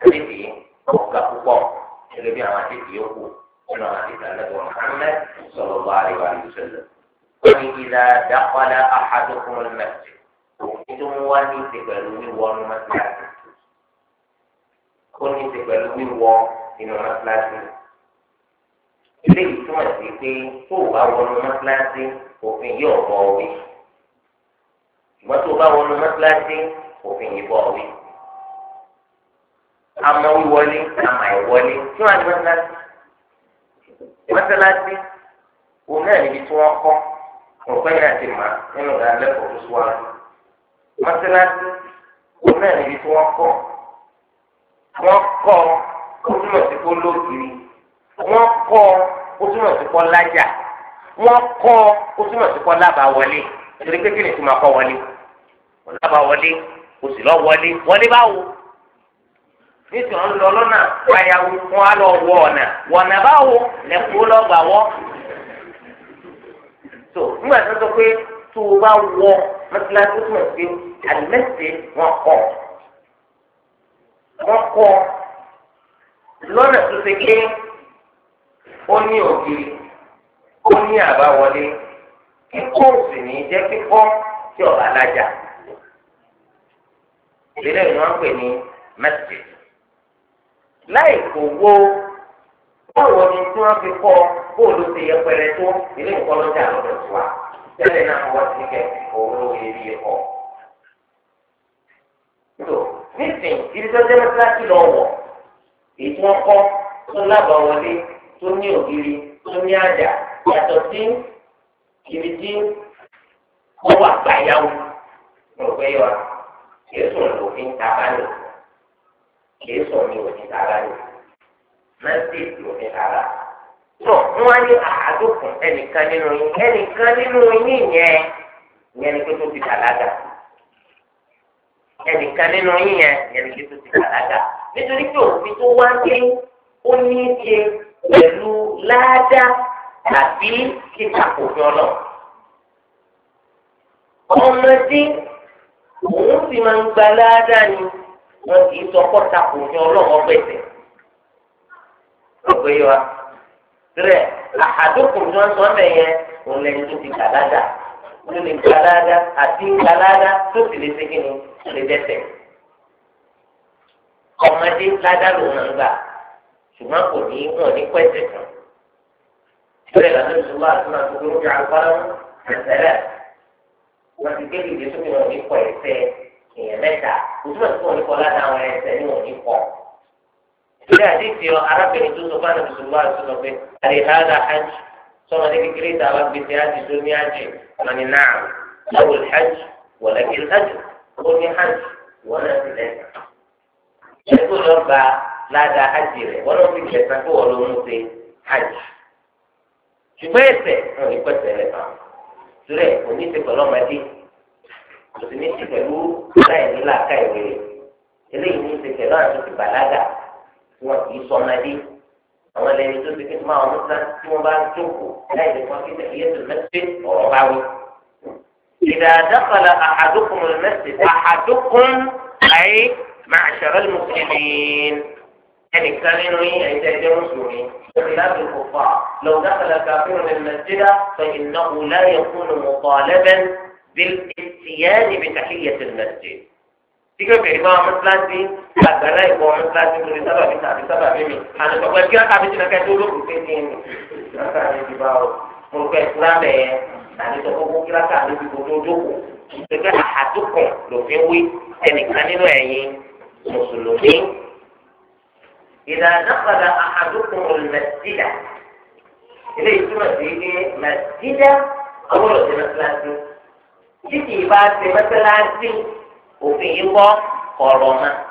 حديثي أبقى أبقى اللي بيعمل حديث يوكو أنا حديث النبي محمد صلى الله عليه وسلم وإذا دخل أحدكم المسجد وكنتم واني تقبلوني وان مسلاتي كوني تقبلوني وان مسلاتي ilé ìtumọ̀ sí pé tó o bá wọnú mọ́tíláṣí òfin yóò bọ̀ wí ṣùgbọ́n tó o bá wọnú mọ́tíláṣí òfin yìí bọ̀ wí. àmọ́ wíwọlé àmọ́ ìwọlé tí wọ́n á ní mọ́tíláṣí mọ́tíláṣí òun náà níbi tí wọ́n kọ́ ọ̀pẹ́ yẹn àti màá nínú ìdánilẹ́kọ̀ọ́ tó sùn wá mọ́tíláṣí òun náà níbi tí wọ́n kọ́ wọ́n kọ́ ó túmọ̀ sí kó lóògiri wọ́n kọ́ ó túmọ̀ sí kọ́ lájà wọ́n kọ́ ó túmọ̀ sí kọ́ lábàá wọlé torí pé kí ni ìtumọ̀ kọ́ wọlé lábàá wọlé kò sì lọ wọlé wọlé báwo nítorí wọn lọ lọ́nà ayáwó wọn á lọ wọ ọ̀nà wọ̀nà báwo lẹ́kọ́ lọ́gbà wọ́ tó nígbà tó sọ pé tó o bá wọ mọ́tíláṣí tó túmọ̀ sí àlùmẹ́sẹ̀ wọn kọ́ wọn kọ́ lọ́nà tó ṣe kéé ó ní ògiri ó ní àbáwọlé kíkó sì ní jẹ́ kíkọ́ tí ọ̀rọ̀ alájà ìbílẹ̀ ni wọ́n pè ní masjid láì kò wó báwo ni tí wọ́n fi kọ́ bóòlù ti yẹ pẹlẹ tó ilé ìkọ́ lọ́jà lọ́dọ̀ tó wa tẹ́lẹ̀ náà wọ́n ti kẹ́ òru èrí ẹ̀kọ́. tó nísìnyí ibi tó jẹ́ mẹ́tíláṣí lọ wọ̀ èyí tí wọ́n tó lábàá wọlé tó ní ògiri tó ní àjà yàtọ̀ sí ibi tí wọ́n wà gbàyàwó ọ̀gbẹ́ yọ kìí sùn ní òfin tàbá lò kìí sùn ní òfin tàbá lò mẹ́sì òfin tàbá. tó wọ́n ní àádókùn ẹnìkan nínú yín ẹnìkan nínú yín yẹn yẹn ni pé tó ti ẹnìkan nínú yín yẹn yẹn ni pé tó ti pẹ̀lú láàdá tàbí kíkàkùnfin ọ̀nà. ọmọdé òun sì máa ń gba láàdá ni wọn kì í sọkọ takùnfin ọlọ́wọ́ bẹ̀sẹ̀. ọ̀gbẹ́ wa rẹ̀ àhàdókùn tí wọ́n sọ ọ́ bẹ̀yẹ òun lẹ́yìn tó ti gbà láàdá ló lè gba láàdá àti gba láàdá tó sì lè ṣe kí ni lè dẹ́sẹ̀. ọmọdé láàdá lòun náà ń gbà ṣùgbọ́n kò ní wọn ní pẹ́sẹ̀ kan. ìbẹ̀rẹ̀ lànà ìṣòwò àtúnà tó ń gbé agbára àtẹ̀lẹ̀ wọ́n ti gbẹ́lì ìdí sómi wọn ní pọ̀ ẹsẹ̀ èèyàn mẹ́ta òtún àti wọn ní kọ́ láti àwọn ẹsẹ̀ ní wọn ní pọ̀. ìṣẹ̀lẹ̀ àdéhìí ọ arábìnrin tó sọ fún àná ìṣòwò àtúnà pé àdéhàdà hajj sọ́mọdé kékeré ìtàwọn gbèsè hajj tó ní hajj náà lọ́wọ́ hajj wọ̀lẹ́kẹ́ hajj ó hajj wọ́n ládàá hajj rẹ̀ wọ́n lọ sí ìjẹta kó wọ́n lọ mú ṣe hajj ṣùgbọ́n ẹsẹ̀ wọn ò ní pẹ̀sẹ̀ rẹ̀ bá tirẹ̀ kò ní ti pẹ̀lú ọmọdé kò sì ní ti pẹ̀lú láìní làákà ìwé rẹ̀ eléyìí ní ti pẹ̀lú àti bàlágà tí wọn kì í sọ ọmọdé àwọn ẹlẹ́ni tó ti kéde máa wọn sán tí wọ́n bá ń jókòó láì lè wọ́n kéde iye tó mẹ́sẹ̀ ọ̀rọ̀ bá wí. إذا دخل أحدكم المسجد أحدكم أي معشر يعني كامنوني أي سيدي مسلمي بخلاف الكفار لو دخل كافر المسجد فإنه لا يكون مطالبا بالإتيان بتحية المسجد تيجي في إمام مسلم دي إذا دخل أحدكم المسجد إذا يسمى فيه مسجد أو رد مثلا جدي بعد مثلا وفيه قرما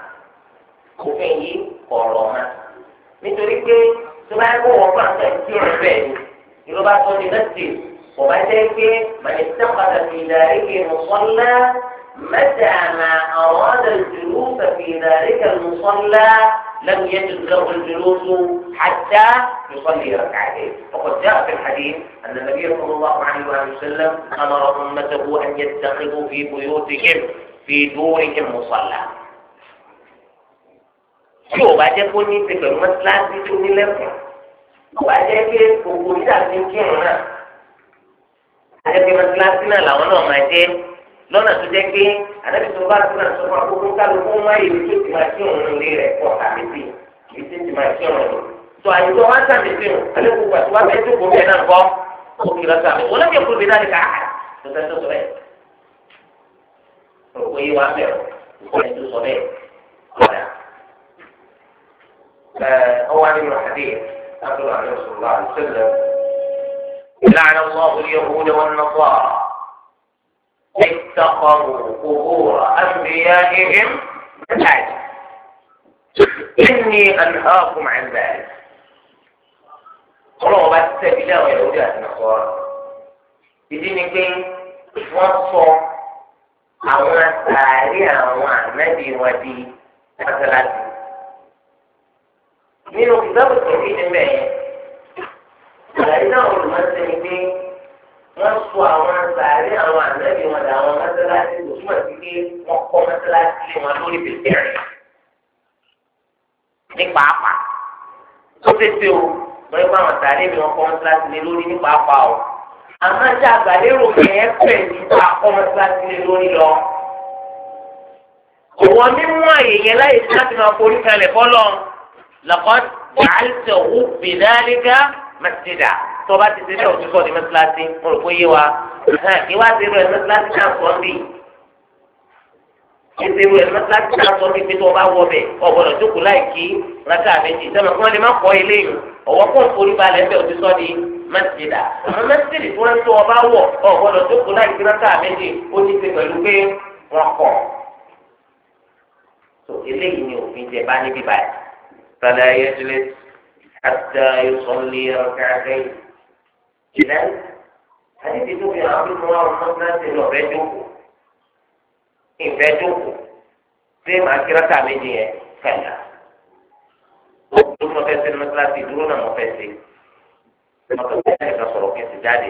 وفيه قرما مثل كي سمع هو فقط يسير بيه إذا بعد صوت مسجد وبعد من اتخذ في ذلك مصلى متى ما أراد الجلوس في ذلك المصلى لم يجد له الجلوس حتى يصلي ركعتين وقد جاء في الحديث أن النبي صلى الله عليه وآله وسلم أمر أمته أن يتخذوا في بيوتهم في دورهم مصلى tí o bá jẹ́ kó ní ti pẹ̀lú mọ́tíláṣí tó ní lẹ́kùn o bá jẹ́ pé gbogbo ìdá ti ń kírun náà àjẹpẹ́ mọ́tíláṣí náà làwọn náà máa jẹ́ lọ́nà tó jẹ́ pé àdàbí tó bá tó náà sọ́kọ́ àkókò kálukú má yẹ ibi tó ti máa tí òun lé rẹ̀ pọ̀ àmì sí ibi tó ti máa tí òun lò. tó àyùtọ̀ wá sàmì sí òun alẹ́ kó gbà tó wá fẹ́ẹ́ tó kó bẹ́ẹ̀ náà kọ́ kó kìlọ̀ sàmì òun lẹ́yìn kúrò bíi náà ní ká tó fẹ́ tó sọ bẹ́ẹ̀. òkú yìí wá bẹ̀rù òkú yẹn tó sọ bẹ́ẹ̀ kọ́dà. ọwọ́ nínú àdéhìí lábẹ́ wà ní ọ̀sán اتخذوا قبور أنبيائهم بالعجل إني أنهاكم عن ذلك قلوا بس إلى ويهودة النصارى بدين كي وصوا أو نساري أو نبي ودي مثلا من كتاب التوحيد المائي فإنه المسلمين wọ́n sọ àwọn sàárẹ̀ àwọn ànábì wọn dà àwọn mọ́sálásí kò túmọ̀ sí pé wọ́n kọ́ mọ́sálásí lé wọn lórí bẹ̀rẹ̀ ní pàápàá tó tètè o wọ́n yóò bá àwọn sàárẹ̀ mi wọ́n kọ́ mọ́sálásí lé lórí ní pàápàá o àmọ́ tí àgbàlérò yẹn pẹ̀ nípa kọ́ mọ́sálásí lé lórí lọ. òwò mímú àyè yẹn láyé tí láti máa forí kalẹ̀ fọ́lọ́ lọ́kọ́ wàhálì tẹ̀ tó bá ti sílẹ̀ òtún bọ̀ ní mẹ́tíláṣí mo rò pé yé wa ìwà ti rẹ̀ mẹ́tíláṣí náà sọ bí ètò ìwé mẹ́tíláṣí náà sọ bí pé tó o bá wọ bẹ̀ ọ̀gbọ̀dọ̀ jókòó láì kí rákà méjì sẹ́mi kí wọ́n lè má kọ́ ilé yìí ọ̀wọ́ kó nítorí balẹ̀ bẹ́ẹ̀ òtún sọ di mẹ́tíláṣí àmọ́ mẹ́tíláṣí tó ń tó ọ̀gbọ̀dọ̀ jókòó láì rákà méjì ó ìlẹ́ àdìsí tó fi àwọn ọmọ wa ọmọ náà ti lọ fẹ́ jókòó ìfẹ́ jókòó ṣé màá kí rákà méjì yẹn kàlà ó tó mọ fẹ́ sẹ́ni mọ́tíláṣí dúró náà mọ́ fẹ́ sí mọ́tò fẹ́ ẹ̀ka sọ̀rọ̀ kí n jáde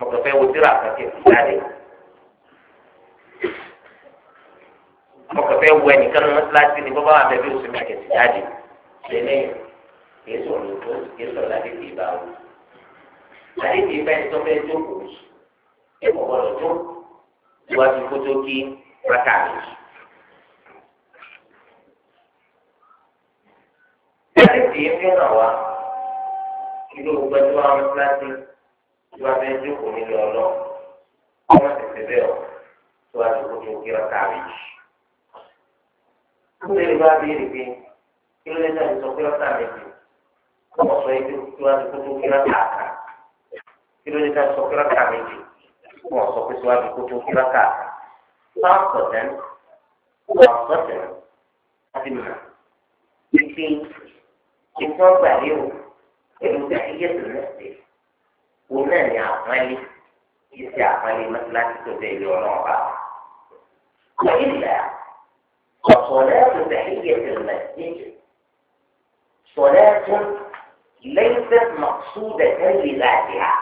mọ́tò fẹ́ wo síra kan kí jáde mọ́tò fẹ́ wo ẹnìkan náà mọ́tíláṣí ni bọ́bá wa bẹ́ẹ̀ bí oṣù mẹ́kẹ̀ẹ́sì jáde lẹ́lẹ́yìn kì í sọ̀rọ̀ lọ́dún kì í sọ̀rọ̀ ládé kì í bá wọn láyé kí bẹ́ẹ̀ tó fẹ́ jókòó ẹ kò gbọdọ̀ tó ìwádìí kó tó kí rákà méjì. láti tì í fẹ́ràn wa ìlú gbogbo ẹni wà ń láti tí wàá fẹ́ jókòó nílé ọlọ́ ọmọ tètè bẹ́ẹ̀ ọ tó wàá tó kó kí rákà méjì. Kúlẹ̀ bá béèrè pé kí ló lè dàbí sọ pé rákà ọmọ sọ yìí tó wàá tó kó kí rákà kan. kí ló lè fẹ́ sọ kíláka méjì wọn sọ pé síwájú kó tó kíláka five percent one percent láti mọ̀ ike ìfọ́ gbà yìí o yóò pẹ̀lú ìdáyé tó lẹ́sẹ̀ òun náà ní àpáyé yìí ìṣe àpáyé láti tó bẹ́ẹ̀ yọ náà bá wọ́n ìlà وصلاة تحية المسجد صلاة ليست مقصودة لذاتها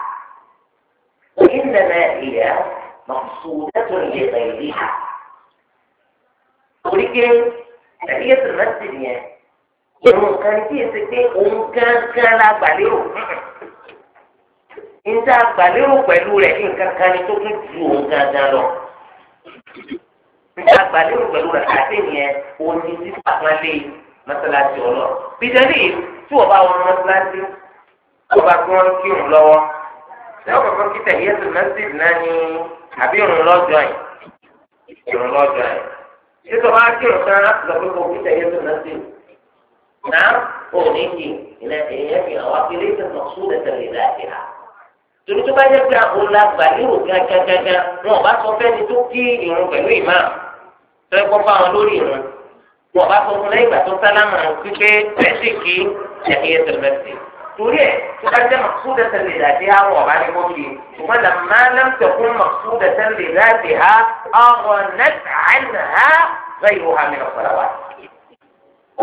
وإنما هي مقصودة لغيرها torí pé ẹ̀yẹ́ tó náà sì yẹn ìrùn kan tí èsì pé òun gángan la gbàlérò níta gbàlérò pẹ̀lú rẹ̀ ní nǹkan kan ni tó tún ju òun gángan lọ níta gbàlérò pẹ̀lú rẹ̀ àti ìyẹn òun ti ti pàmòlé mọ́sálásí ọlọ́ bíjọ́ ní tí wọ́n bá wọn mọ́sálásí ṣé wọ́n kọ́kọ́ kí tẹ̀yẹ́ tó mẹ́sìlì náà ni àbí ìrùn lọ́jọ́ yìí ìrùn lọ́jọ́ yìí ṣé tó bá kí ìrùn kan láti lọ pé kò kí tẹ̀yẹ́ tó mẹ́sìlì náà ò ní kí ilẹ̀ ẹ̀yẹ́ fi àwọn akéde tó mọ̀ sóòlù tẹ̀lé láti hà torí tó bá yẹ pé àwọn làgbà nírò gángangangan wọn ò bá sọ fẹ́ni tó kí ìrùn pẹ̀lú ìmáà tẹ́ kọ́ fáwọn lórí ìrùn wọn bá sọ fún lẹ́yìn ìgbà tó sálámà pípé ẹ̀sìn kí ẹ̀yẹ tẹ̀lé mẹ́sìlì torí ẹ̀ tó bá jẹ́ mọ̀kúdà tẹ̀lé dàdé ha wọ̀ bá ní kó fi ṣùgbọ́n làmá lẹ́m tẹ̀kún mọ̀kúdà tẹ̀lé dàdé ha ọ̀rọ̀ nẹ́tà àìnà ha bẹ́ẹ̀ yóò ha mi lọ sọ̀rọ̀ wa.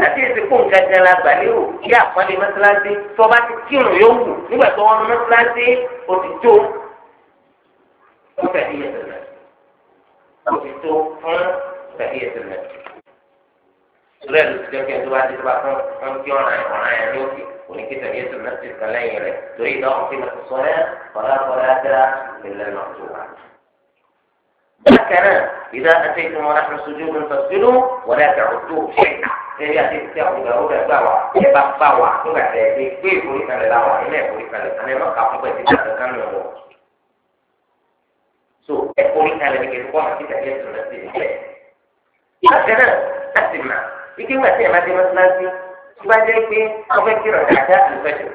láti ẹsẹ̀ fún gẹ́gẹ́ la gbà lérò kí àpọ́nlé mọ́sálásí tó bá ti kírun yóò wù nígbà tó wọn mọ́sálásí òtítọ́ fún tẹ̀lé ẹ̀sẹ̀ òtítọ́ fún tẹ̀lé ẹ̀sẹ̀ rẹ̀ lóṣù kẹ́kẹ́ tó bá ti tó bá fún fún kí ọ̀ràn ẹ̀wọ̀n المسجد كان لين تريد أقيمة الصلاة فلا صلاة إلا المقطوعة لكن إذا أتيتم ونحن سجود فاسجدوا ولا تعدوه شيئا Jadi asyik siap muda muda bawa, hebat bawa, tu kat saya, ini kui boleh kena lawa, ini boleh kena, ini mak kamu boleh tidak dengan kamu. So, eh boleh kena ni kita kau kita dia sudah sini. Ia kena, tak sih mana. Iki masih masih masih masih tó bá jẹ́ pé wọ́n fẹ́ kí rọ̀dà dá àlùfẹ́jọ́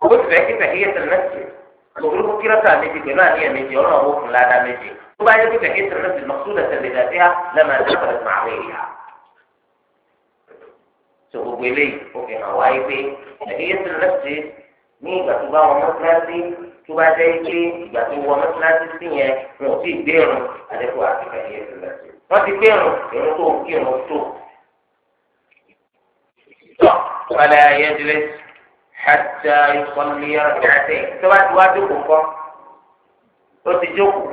ó sì fẹ́ kí fẹ̀kíyẹ tẹ̀lẹ́sì òwúrọ̀ kí rọ̀dà méjì pẹ̀lú àníyàn méjì ọ̀nà àwọn òkun ládàá méjì tó bá jẹ́ pé fẹ̀kíyẹ tẹ̀lẹ́sì mọ̀súlẹ̀ tẹ̀lẹ́ dàbíyà lẹ́mọ̀ àdàbọ̀lẹ̀ màwé yá. tó gbogbo eléyìí ó fi hàn wáyé pé fẹ̀kíyẹ tẹ̀lẹ́sì ní ìgbà tó bá wọn mọ́tíláṣí tó bá jẹ́ pé ìgbà tó wọ mọ́tíláṣí sí yẹn wọn ò tí ì gbé irun àdẹ́kù àti fẹ̀kíyẹ tẹ̀lẹ́sì wọ́n ti gbé irun irun tó kí irun tó tọ́ padà ayẹ́dẹ́lẹ́ hàtà ìkọ́nìyà ìdàtẹ́ tó bá ti wá jókòó kọ́ ó ti jókòó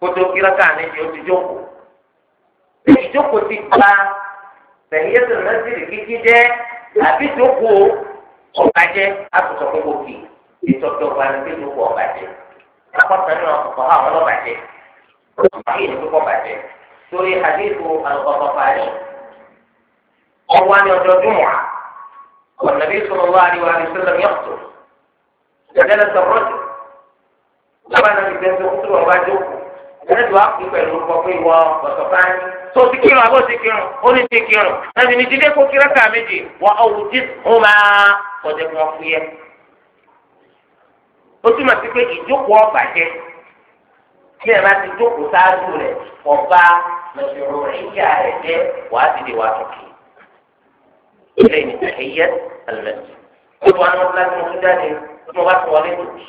kótó kíráka méjì ó ti jókòó ìjókòó ti gba tẹ̀yẹ́sọ̀ lọ́sílẹ̀ kíkí jẹ́ àbí jókòó ọ̀gá jẹ́ àtúntò gbogbo kì í tọ́jú ọba ní pé jókòó ọ̀gá jẹ́ akọ́sàn náà kọ̀ àwọn ọlọ́bàjẹ́ ọ̀gá yìí ló kọ́ bàjẹ́ torí àdéhùn àlùkò ọ̀gá fàáyé ọwọ́ ní ọjọ́ jùmọ̀ ọ̀nàbí sọ̀rọ̀ wá àríwá àti sẹ́lẹ̀ yọ̀tọ̀ ìjọba sọ̀rọ̀ jù lọ́wọ́ náà ti gbẹ́sẹ̀ kó tó wọ́n bá jókòó ẹ̀rẹ́ tó wá pín pẹ̀lú ọkọ̀ pé ìwọ ọ̀sọ̀ bá ní. tó ti kírun àbó ti kírun ó ní ti kírun láti ní jíde kó kíra ká méjì wọ ọ̀hún tí ó máa kọjá kí wọ́n fún yẹ. ó túmọ̀ sí pé ìjókòó ọ̀bàjẹ́ tí ẹ̀ bá ti jókòó sáájú rẹ̀ ọba lọ́sọ̀rọ̀ ìjà rẹ̀ jẹ́ wàá إليه التحية المسجد قلت أنا مبلغ مهداني مبلغ والدوش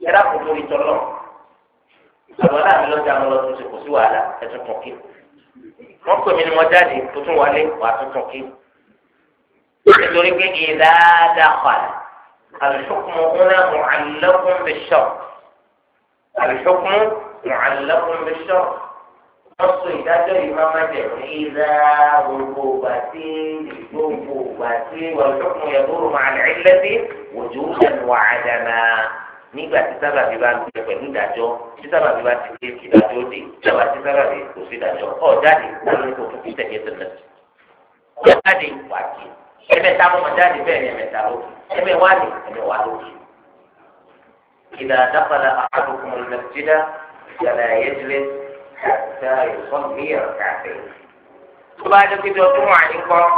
يرى قدوري تلو أولا ملو جامل الله تسي قسوا على أتنقكي مكو من مجاني قسوا والي وأتنقكي قدوري كي إذا دخل الحكم هنا معلق بالشرط الحكم معلق بالشرط wọ́n so ìdájọ́ yìí máa máa jẹ̀rọ ìlà gbogbo ìgbà tí gbogbo ìgbà tí wàlúùkùn yẹn bóró máa lẹ̀ ẹ́lẹ́sì wòjú ẹnu àdàmà nígbà tí sábàbí bá ń bẹ pẹ̀lú ìdájọ́ tí sábàbí bá ti dé ìdájọ́ dé ìjọba tí sábàbí kò sí ìdájọ́ ọ̀ jáde lórí kò fún kíkẹ́ yẹn tẹ̀lé ọ̀ jáde wà kí ẹ̀mẹ́ta mọ́ jáde bẹ́ẹ̀ ni ẹ̀mẹ́ta lókè ẹ̀mẹ́ wá ní ẹ̀mẹ́ wá lókè. ìdá dáfàlà àkàdùkùn mọ̀lẹ́mẹ́tìdá yàrá ẹ̀yẹ́dìlẹ́sì حتى يصلي ركعتين ثم هذا في جمعة نقول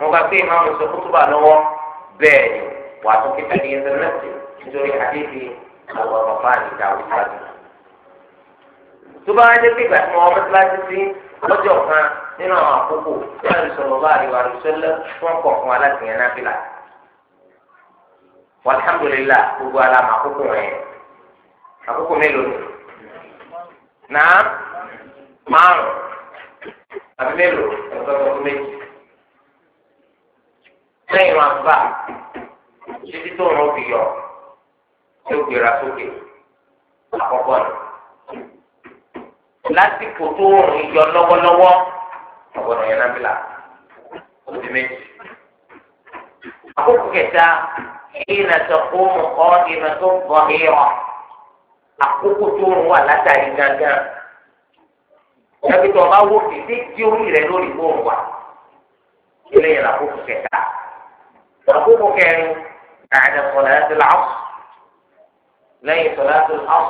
مغفي ما مسكوت بانوا بين واتوكي تحية المسجد nítorí حديث àwọn ọmọfáàní dàwí sáájú. tó bá wáyé pé ìgbà tí wọn bá láti sí lọ́jọ́ kan nínú àwọn àkókò tí wọ́n sọ̀rọ̀ bá àríwá àrùsọ́lẹ̀ wọ́n kọ̀ fún aláṣẹyàn náà fìlà. alhamdulillah gbogbo alamọ àkókò wọn yẹn àkókò mélòó ni. náà márùn àbí mélòó ẹgbẹ́ ọdún méjì lẹ́yìn wọn bá títí tó ń fi yọ tí ó gbéra sókè àkọ́kọ́ nù lásìkò tó ń yọ lọ́wọ́lọ́wọ́ ọ̀gbọ̀nà yẹn náà bìlà ọdún méjì àkókò kẹta ìyìn àtọkù mọ̀kọ́ ìrìn tó ń bọ̀ hìrọ̀ àkókò tó ń wà látàrí gángan ẹbí tó ọba wó kété tí orí rẹ lórí bó wà ilé yẹn lakókò kẹta lakókò kẹrin àdé sọlá ti la ọf lẹ́yìn sọlá ti la ọf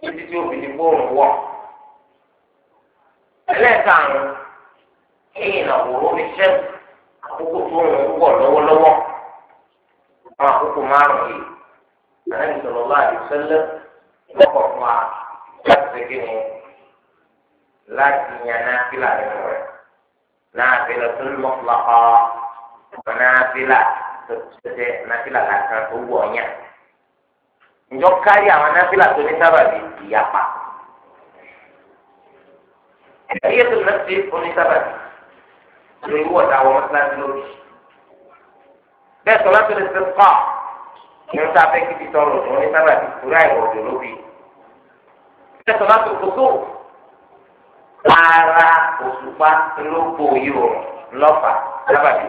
títí tí obìnrin bó wọ ẹlẹ́ẹ̀kan ẹ̀yìn àwòrán mi sẹ́n àkókò tó ń wọ̀ lọ́wọ́lọ́wọ́ àwọn àkókò márùn-ún yìí àdé sọlá ti sẹ́lẹ̀ lọ́kọ̀ọ̀kan àti sẹ́kẹ̀ẹ́ láti yan náfìlà nínú rẹ̀ náfìlà tó ń mọ̀lọ́kọ́ náfìlà tó ṣe náfìlà lásán tó wù ọ́ yàn. ǹjọ́ kárí àwọn náfìlà tó ní sábàbí ìyapa. ẹ̀yẹ́ tó náà ṣe oní sábàbí lórí wọ̀dà àwọn mọ́tíláṣí lórí. bẹ́ẹ̀ sọ láti lè ṣe kọ́ ìyẹn tó a fẹ́ kí ti tọrọ oní sábàbí kúrò àìwọ̀dọ̀ lórí. bẹ́ẹ̀ sọ láti kótó ara òṣùpá lóko yòó lọ́fà lábàbí.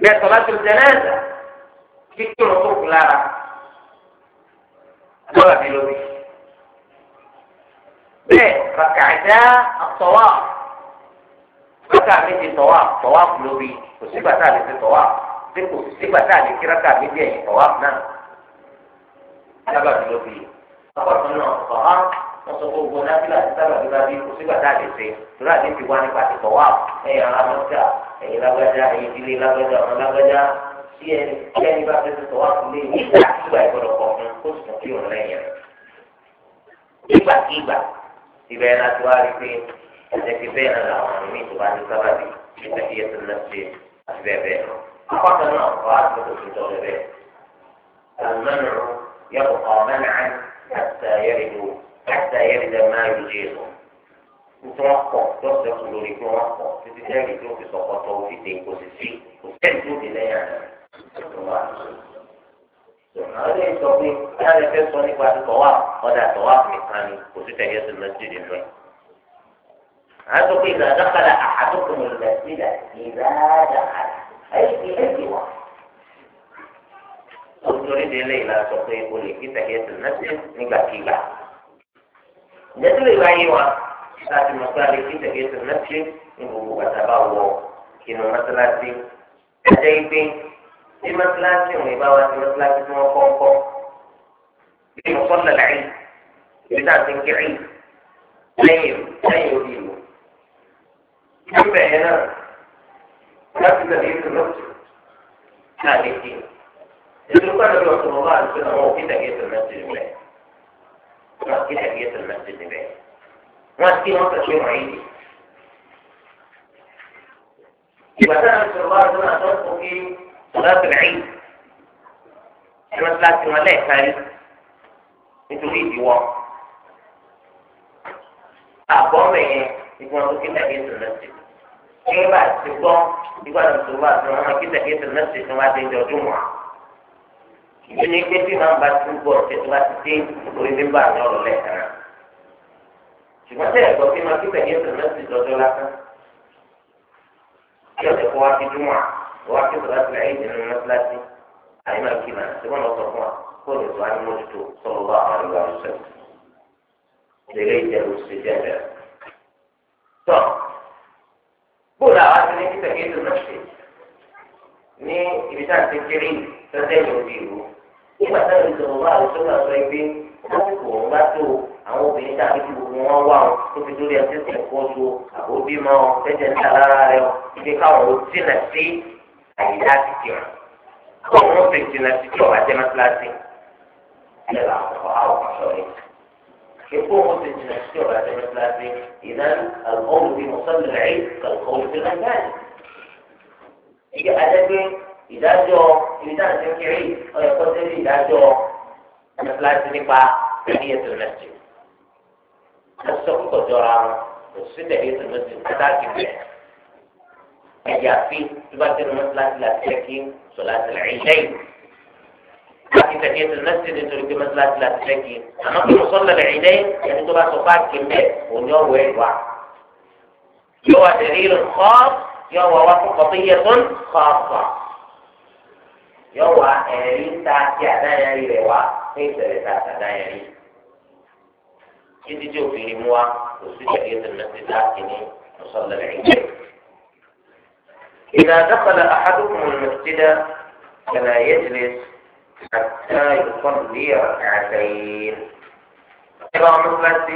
Bí ẹ̀sọ́ bá ti rìn tẹ́lẹ̀ ẹ̀sà, kíkúrò tó kù lára lábàbí lóbi. Bẹ́ẹ̀ kàkàdá àtọ̀wá kíkà méjì tọ̀wá tọ̀wá lóbi kò sígbà tá a lè fi tọ̀wá bí kò sígbà tá a lè kíra ká ẹ̀yìn tọ̀wá náà lábàbí lóbi. Ọkọ̀ náà tọ̀wá wọ́n sọ pé gbogbo nábìlà ti sábà lóra bí kò sígbà tá a lè ṣe lóra bí ti wá nípa àtìkọ́ wà ẹ̀yìn ara mọ́tà ẹ̀yìn lágbájá ẹ̀yìn ìdílé lágbájá ọmọ lágbájá tí ẹni tí ẹni bá fẹ́ sọ wá sílé ní ìgbàkigbà ìgbọ̀dọ̀ kọ̀ọ̀kan kó sì tún kí òun lẹ́yìn rẹ̀ ìgbàkigbà ìbẹ̀ ẹ̀rọ àti wá rí pé ẹ̀jẹ̀ ti bẹ́ẹ̀ náà làwọn àmì mi tó bá ti sábà bí ìgbà tí yẹn tó ná sí àti bẹ́ẹ̀ bẹ́ẹ̀ lọ. apáta náà kọ́ àtúntò tó tọ́ lẹ́bẹ̀ẹ́ àlùmọ́nù yẹ حتى يبدا ما يجيبه وتوقع تصدق لوري توقع تتجاهل تروح تسقطه وفي تنكوسيسي وتنكو تلاقي على هذا يسوي هذا في صوني بعد الطواف هذا طواف مكاني وتتجاهل المسجد الحرام هذا إذا دخل أحدكم المسجد إذا دخل أي في أي وقت قلت له ليه لا تقول لي كيف هي المسجد نبقى كيف ìjẹ́tí lè wáyé wa láti mọ̀ pé alẹ́ kí tẹ̀gẹ́ tó mẹ́tì ní gbogbo bàtà bá wọ inú mọ́sálásí. ẹ̀jẹ̀ ìgbé ní mọ́sálásí òun ìbá wa ti mọ́sálásí tí wọ́n kọ́kọ́ bí mo sọ́nà láì ìbí tá à ń ti ń kiri lẹ́yìn lẹ́yìn orí ìlú. níbẹ̀ yẹn náà láti tẹ̀lé ètò lọ́sù náà lè di. ètò ìpàdé lọ́sùn ọba àti ìṣẹ̀lẹ̀ wọn ò kí tẹ̀gẹ́ tó mẹ́tì rẹ̀ wọn kí lẹ́yìn ẹ̀sẹ̀ mẹ́sẹ̀ níbẹ̀ wọn kí wọn kẹ̀kẹ́ wọn yìí. ìgbà tí wọn sọ wá lọ́nà tó kù kí ọ̀dọ́bìnrin yìí ẹ wọn láti wọn lẹ́ẹ̀ka rí nítorí ìdíwọ́. àbọ̀ rẹ̀ yẹn ìgbọ́n tó kí lẹ́yìn ẹ̀sẹ̀ mẹ́sẹ̀ kí wọn bá ti gbọ́ ìgbà tó sọ wá lọ́nà kí lẹ́yìn ẹ̀sẹ̀ mẹ́sẹ̀ tí wọ́n á dé jọ ìwé ni pé tí màá bá ti bọ̀ ṣe tí wàá ti dé orí bíbá ní ọ̀rọ̀ lẹ́ẹ̀kan náà ṣùgbọ́n tẹ̀ ẹ̀kọ́ kí máa kíkà yẹn sọ̀rọ̀ láti dọ́jọ́ lásán kí ọ̀sẹ̀ kó wá sí júmọ̀ wá sí sọ̀rọ̀ láti láyé ìdènà mọ́sálásí àyè máa kí màá ṣùgbọ́n lọ sọ fún wa kó lè tó àyè mójútó sọ̀rọ̀ wá àwọn ìwà ọ̀sẹ̀ ìdílé ìjẹun ní ibi tá à ń ṣe kéré tọ́jú ẹ̀yìn òbí nígbà táwọn ìṣòro wà lóṣù náà sọ pé lásìkò òun bá tó àwọn obìnrin tàbí tí gbogbo wọn wà ó tó fi lórí ẹsẹ̀ tẹ kó so àbóbí mọ ẹsẹ ń ta lára rẹ ó ibi káwọn ló jìnà sí àyíká ti jẹ kó wọn fi jìnà sí tí ọba jẹ mẹsàlásì ẹ là ọ àwọn ọsọ rẹ kíkó wọn fi jìnà sí tí ọba jẹ mẹsàlásì ìná àlùkò olùbí mọ̀sálùmí rẹ kàlùkò olùbí rẹ ìdájọ́ ibi tá à ń ṣe kiri ọyọ kó tẹ́lẹ̀ ìdájọ́ mẹsàlásì nípa ẹ̀yẹ tó mẹsì. lọ́sọ̀ púpọ̀ jọra wọn kò sí tẹ̀lé tó mẹsì pàtàkì rẹ̀. ẹ̀yà fi tó bá tẹ̀lé mẹsàlásì láti ṣe kí sọlá tẹ̀lé ẹ̀yìn láti tẹ̀lé tó mẹsì nítorí pé mẹsàlásì láti ṣe kí àmọ́ kí mùsọ̀lá yọ wà tẹ̀lé ìrìn kọ́ yọ wà wá fún kọ́ yóò wá ẹ̀rí ta ti àdáyẹrí rẹ̀ wá ní ìṣẹ̀lẹ̀ ta àdáyẹrí. títí tí òfin mú wa kò sí ìṣẹ̀lẹ̀ ìṣẹ̀lẹ̀ mẹ́tì láti ní mùsọ̀lẹ̀ rẹ̀. إذا دخل أحدكم المسجد فلا يجلس حتى يصلي ركعتين. إذا مثلت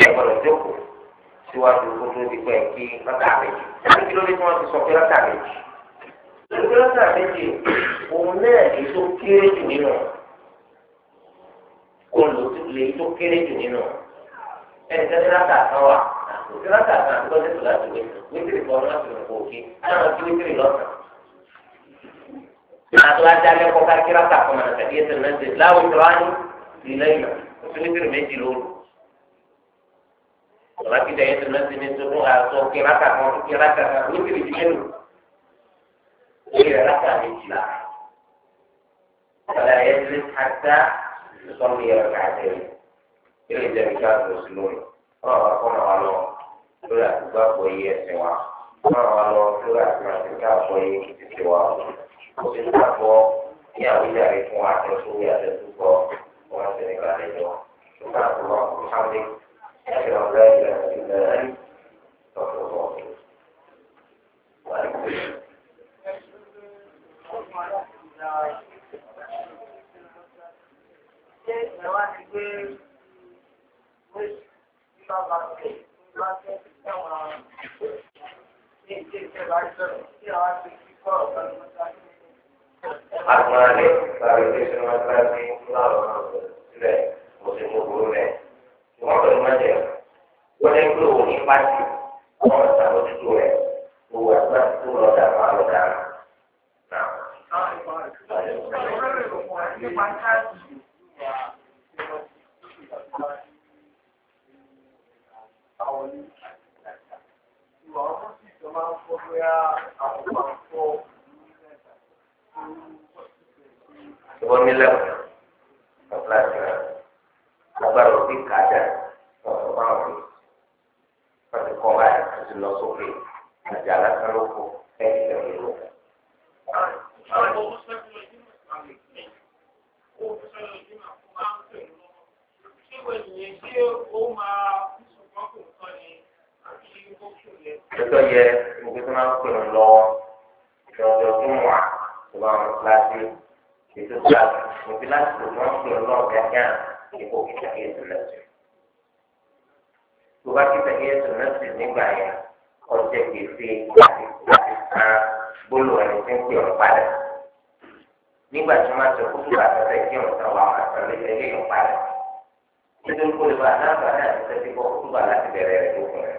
يقبل الجوكو سوى الجوكو في لك كي ركع بيجي. لكن لو لك ما تصلي ركع torí rákà méjì òun náà èyí tó kéré jù nínú kò lò lèyí tó kéré jù nínú ẹnì kan ní rákà kan wà òsì rákà kan àti lọ́sẹ̀ tó láti wé wítìrì kan láti rìn kò kí àwọn ti wítìrì lọ́sàn-án àti wájú alẹ́ kọ́ ká kí rákà kan màá tàbí ẹsẹ̀ náà ṣe láwùjọ á ní ilé ìlà òsì wítìrì méjì lóru ọ̀làkìtà ẹsẹ̀ náà ní tó fún àtọ̀ kí rákà kan kí rákà kan wítìrì jù إلى ركعة الإجماع فلا يجلس حتى يصلي ركعتين إلى ذلك المسلمون رواه قرآن ولا تبقى يسوع قرآن ولا تبقى يسوع وسنتقى يا ولد وعلى رسول الله صلى الله عليه وسلم سبحانك اللهم وبحمدك أشهد أن لا إله إلا أنت أستغفرك وأتوب إليك ṣé ìwà ni pé wíṣ nípa bàtẹ́ nípa tẹ́sí táwọn ní ìṣe ìṣẹ̀lẹ̀ àìsàn tí àwọn ti fi kọ́ ọ̀gá lọ́sà. Àwọn àlè tàbí tí sinimá bá ti ń fún àwọn ọ̀rọ̀ sílẹ̀ mo ti mú burú rẹ̀. Ìwọ́n pẹ̀lú májẹ̀ wọ́n ní pé òun ní pàṣẹ ọmọ ìṣàmójútó rẹ̀ òun àti pàṣẹ tó lọ́ọ́ máa lọ́ọ́ dára. Jalan terlalu kok, eh, jalan terlalu kok. kó fẹ́ ìdímọ̀ fún máa ń pè lọ́wọ́. Ṣé wọ́n yẹn ṣé ó máa ń ṣùgbọ́n kò tán ni àbí ó kù yẹ? Ẹ̀tọ́ yẹ gbogbo tó máa ń pè lọ́wọ́ lọ́jọ́ tó wà tó bá wọn láti ètò ìgbà òbí láti tó máa ń pè lọ́wọ́ gẹ́gẹ́ ìbò kíkà yẹn tó lẹ́sìn. Tó bá kíkà yẹn tó lẹ́sìn nígbà yẹn ọjọ́ gbèsè àti gbólóhùn ẹni tó ń pè ọ́ padà nígbà tí wọn ti kú tó bàtà tẹ kí wọn tẹ wàá máa tẹlé ẹgbẹ́ yìí padà nítorí kó lè bá náà náà ti tẹ sí kó tó bàtà ti bẹ̀rẹ̀ rẹ tó fún ẹ.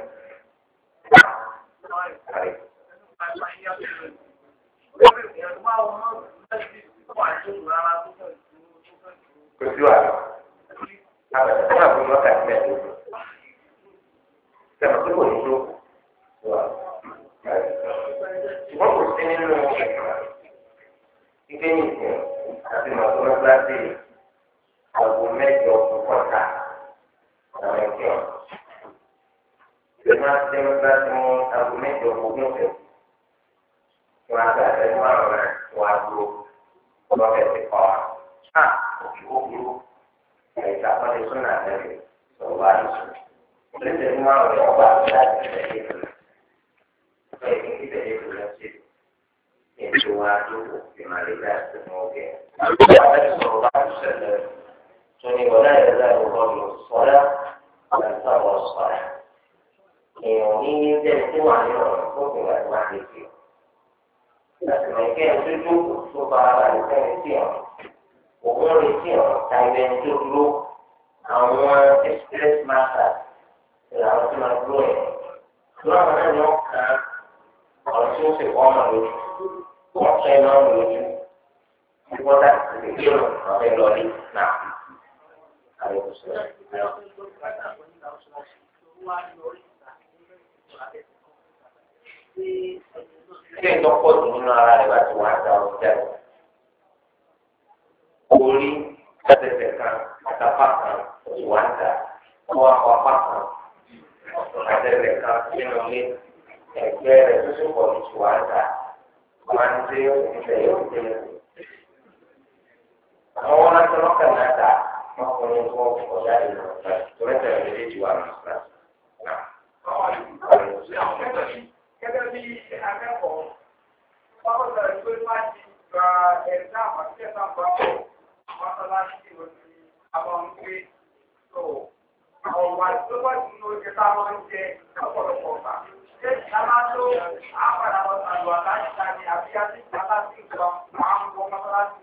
alhamdulilayi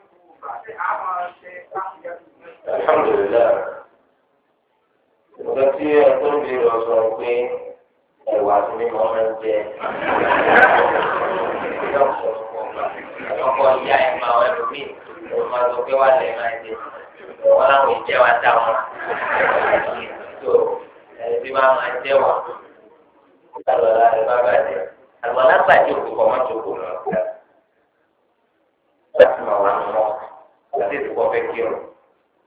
nǹkan tí ẹ̀tọ́ mi lọ sọ pé ẹ̀wà tí mi máa ń jẹ ọkọ ìyá ẹ máa wẹ lómi òun máa sọ pé wà lẹ máa jẹ wọn làwọn ìjẹ wa dá wọn tó ẹbí máa máa jẹ wa àlọ́ la ẹ bá bàjẹ́ àlọ́ kọ́ mọ́tò kò lọ́ọ́ máa wà ní mọ́ àti ìdúgbò fẹ́ kí ọ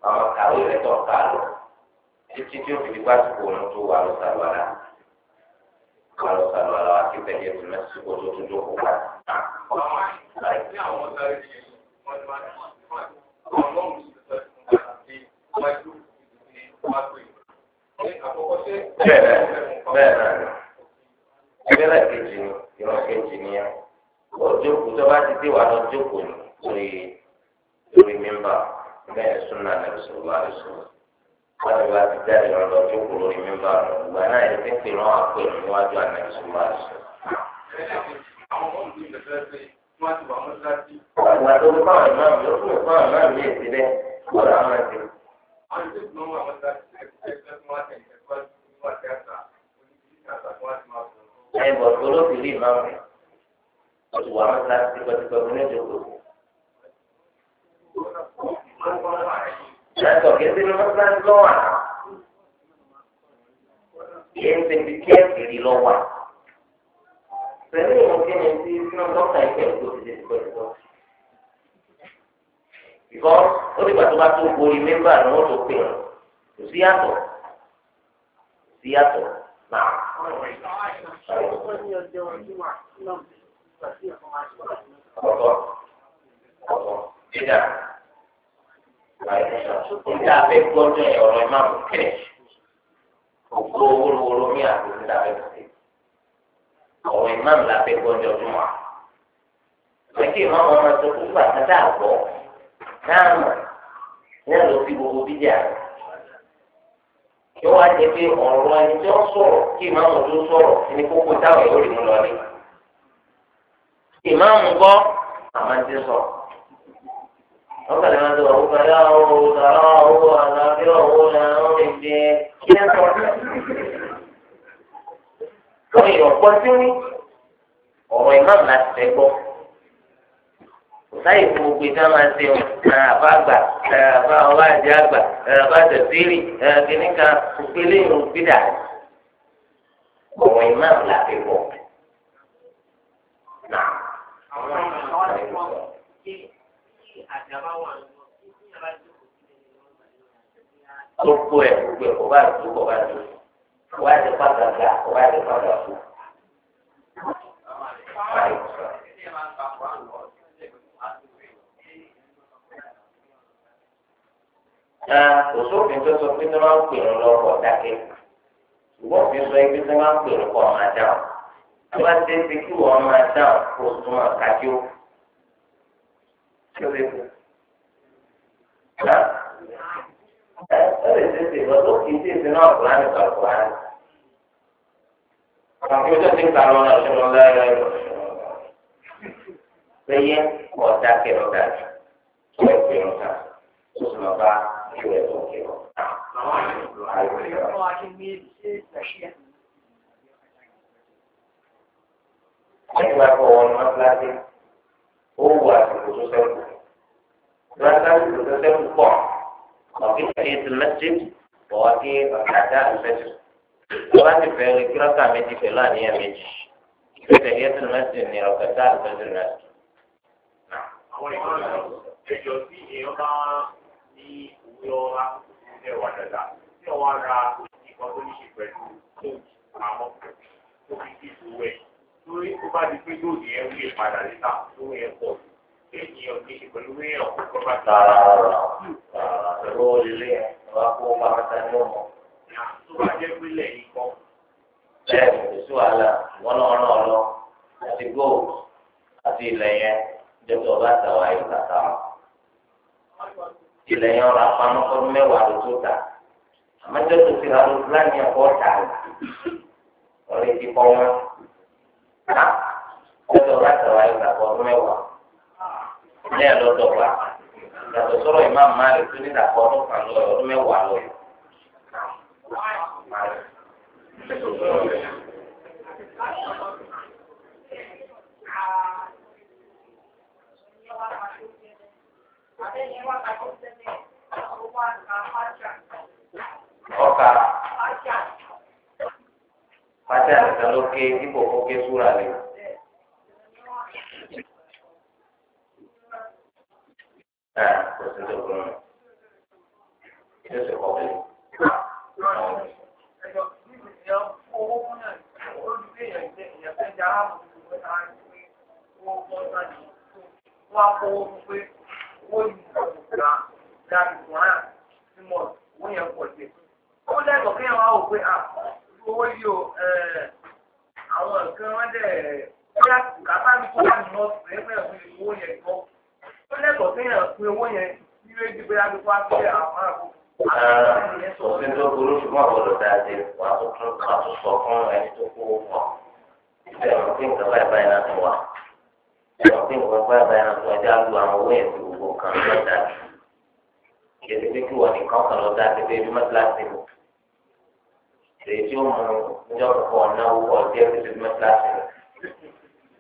àwọn kàwé rẹ̀ tó kà lọ títí tí ó fi dípá sùkò òun tó wà lọ sàlùwàlà wà lọ sàlùwàlà wà kí tẹ̀lé ẹ̀sìn náà sùkò tó tó tó kópa. Bẹ́ẹ̀ bẹ́ẹ̀ náà ẹgbẹ́ náà kejì ni ìrọ̀ kejì ni ya ó jókòó tó bá ti dé wà lọ jókòó ni sórí lórí mímbà bẹ́ẹ̀ súnà nàbì sọ̀rọ̀ wá lóṣù wọ́n ti wá ti jáde lọ lọ tó kú lórí mímbà rẹ̀ ìgbà náà yẹn ti pè wọ́n àpè níwájú ànàbì sọ̀rọ̀ wá lóṣù. Àwọn àdúgbò báwọn náà yóò fún báwọn náà ní èsì rẹ̀ kó làá máa ti. Ẹ bọ̀ tó ló fi rí ìmáàmù. Ọ̀sùn wà mọ́ta tipẹ́tipẹ́ fún ẹ̀jọ̀ kò sí. Yàtọ̀ kéde ní mọ́sálásí lọ́wọ́ àná. Ìyẹn ń ṣe bíi kẹ́ẹ̀kiri lọ́wọ́ àná. Pẹ̀lú ìwọ̀n kí ni ti sínú dọ́kítà ìkẹ́ ìgbò ti lè pẹ̀lú lọ. Bìkọ́ ó dìgbà tó bá tó borí mẹ́mbà ni wọ́n tó pè wọ́n. Kò sí yàtọ̀. Kò sí yàtọ̀ náà. Ọ̀tọ̀. Ọ̀tọ̀. Ìjà níta abẹ́ gbọ́dọ̀ ọ̀rọ̀ ẹ̀ máa mú kẹ̀lẹ̀ ògbó wórówóró ní àgbègbè níta abẹ́ gbọ́dọ̀ ọ̀rọ̀ ẹ̀ máa mú lábẹ́ gbọ́dọ̀ ọdún wa. lẹ́kì ìmọ̀ àwọn ọmọ tó kúkú àtàtà àgbọ̀ náà mọ̀ náà ló fi gbogbo bíjà yóò wá jẹ pé ọ̀rọ̀ ẹni tí wọ́n sọ̀rọ̀ kí ìmáàmù tó sọ̀rọ̀ ẹni kókó táwọn yóò rí mu lọ ní. ìmáàmù gbọ́ àmọ́ ti sọ̀rọ̀. وكلمة عقلاء وزراء وأساطيرون من الدين wọ́n yọ ọ̀pọ̀ tí ó ní ọ̀rọ̀ imam láti fẹ́ gbọ́. láyé fún gbogbo ìdá máa ṣe ọ̀ àbá àgbà àbá ọba àjẹ àgbà àbá tẹ̀síìrì kìíní kan òpélé ìrùn gbídà. ọ̀rọ̀ imam láti fẹ́ gbọ́. Nah àdàbà wà ẹ gbogbo ẹ kò bá tó kò bá tó kò bá tó pàtàkì kò bá tó pàtàkì. na òṣòfin tó sọ pé tó máa pè ń lọ ọkọ̀ dákẹ́ ṣùgbọ́n òfin sọ pé tó máa pè ń kọ́ ọmọ àdáhùn tó bá dé sí kí wọ́n máa dáhùn kó tó máa kájú kí o lè mú. Ná ẹ ẹ lè ṣe ṣe ìwọ́n tó kì í ṣe ìṣe náà kúrò ní ìgbà kúrò ní. Àwọn kí o ó wù àsìkò tó sẹ́kù gbàgbà àsìkò tó sẹ́kù pọ̀ ọ̀kí kàkíyèsí mẹ́sìd ọ̀kí ọ̀kadà mẹ́sìd wọ́n ti bẹ̀rẹ̀ kíláàsì méjì pẹ̀lú àníyàn méjì kàkíyèsí mẹ́sìd ní ọ̀kadà mẹ́sìd náà. àwọn ìgbọ́n ẹ̀jọ̀ tí èèyàn bá ní ìwúyọ́ ọ̀la ṣe wà dáadáa tí wọ́n ra ìkọ́ tó ní ṣe pẹ̀lú tó àwọn tó fi kí ìlú wẹ̀ lórí tó bá di pé yóò di ẹrú yẹn padà níta tó yẹ pọ̀ lẹ́yìn ọdún ṣe pẹ̀lú wíyàn ọkọ̀ bá ta. ẹ̀rọ ilé ẹ̀ wá kó bàbá ta ní ọmọ. tó bá jẹ́ pé lẹ́yìn kan. bẹ́ẹ̀ kò sí wàhálà wọ́n náà ràn ọ́ lọ àti gold àti ilẹ̀ yẹn jẹ́pẹ́ ọba àtàwọn ayé kàkà wọn. ilẹ̀ yẹn ọ̀rọ̀ apamọ́ fọdún mẹ́wàá ló tó ta àmọ́ jẹ́pẹ́ ti ra ló láàyè ọkọ̀ ọ̀tà rẹ̀ ọ̀rẹ́ ti kọ́ wọn. lọ́dọ̀ ọrụ tẹ̀wá ìgbàgbọ́ ọdún mẹ́wàá ilé ẹ̀lọ́dọ̀ wa yàtọ̀ sọ̀rọ̀ ìmáà máa lè tún nígbàgbọ́ ọdún kan lọ ọdún mẹ́wàá lọ. pátá nìkan ló ké dípò kó ké súra lè. Wọ́n á kó owó fún pé owó wá wò pé à ah, owó yìí àwọn nǹkan wọn dẹ̀ bóyá kàbá mi kó wà nínú ọ̀sẹ̀ ẹgbẹ́ ọ̀sẹ̀ owó yẹn gbọ́ ó lẹ́kọ̀ọ́ kéèyàn pín owó yẹn ní méjì bóyá bí wọ́n á fi àwọn àbò. òfin tó burú ṣùgbọ́n àbọ̀dọ̀ dáadé wà á tún sọ fún ẹni tó kó owó pọ̀ ìbẹ̀rù pé nǹkan báyìí báyìí náà ti wà ìbẹ̀rù pé nǹkan báyìí báyìí náà ti wà ẹjẹ́ á àwọn owó yẹn fi gbogbo kan lọ́dà kì í ṣe kí wọ́n ti pé èyí tí ó mú ọjọ́ pọ̀ náwó pọ̀ díẹ̀ tó ti mọ́ kíláàsì rẹ̀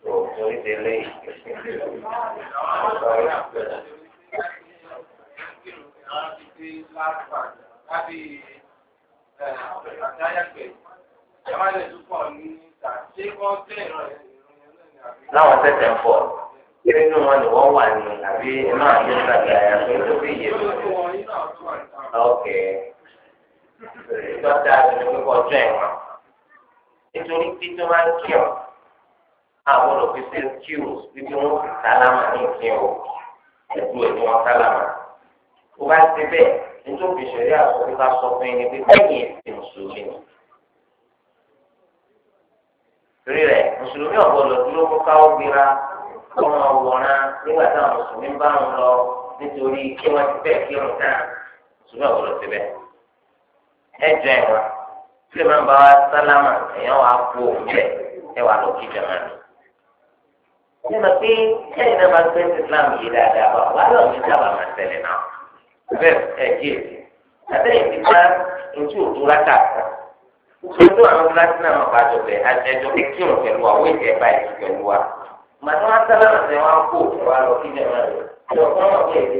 tó torí ti lé láwọn tẹ̀sẹ̀ ń fọ̀ nínú wọn ni wọ́n wà ní àbí náà ní ìgbàgbé àyàfẹ́ tó fi yé mi. un po' rẹ̀ ló kọ́ jẹ́ ìwọ̀n nítorí pé tó máa ń kí ọ àwọn olùpèsè kí o wípé e fi sálámà ní ìpín o vai ẹ̀ ní wọn sálámà tó bá ti bẹ́ẹ̀ nítorí ìṣẹ̀lẹ̀ àkọ́kọ́ bá sọ fún ẹni pé bẹ́ẹ̀ni ẹ̀sìn mùsùlùmí ni torí rẹ̀ mùsùlùmí ọ̀gbọ́dọ̀ dúró kó káwọ́ gbéra kó máa wọ̀nà nígbà táwọn mùsùlùmí bá ń lọ nítorí kí wọ́n ti bẹ́ẹ̀ kírun náà mùsùlùmí ọ̀gbọ́dọ̀ ti bẹ́ẹ̀. ẹjọ ẹ wa tí ìmọ̀ bá wa sálámà èèyàn wà kú òun ẹ wà lọ kí jọ̀mọ́ ni. ṣé mo pé ẹ̀yin náà máa gbé Islam yìí dáadáa bá wà lọ́ọ̀ ní sábà máa tẹ̀lé náà. bẹ́ẹ̀ ẹ jí èsì àtẹ̀yìn ti bá ojú òdu rákà kan. ojú àwọn kíláàsì náà máa bàjọ́ bẹ̀ ẹjọ́ kékeré pẹ̀lú àwọn èdè ẹ̀bá ìlú pẹ̀lú wa. màtí sálámà kú lọ kí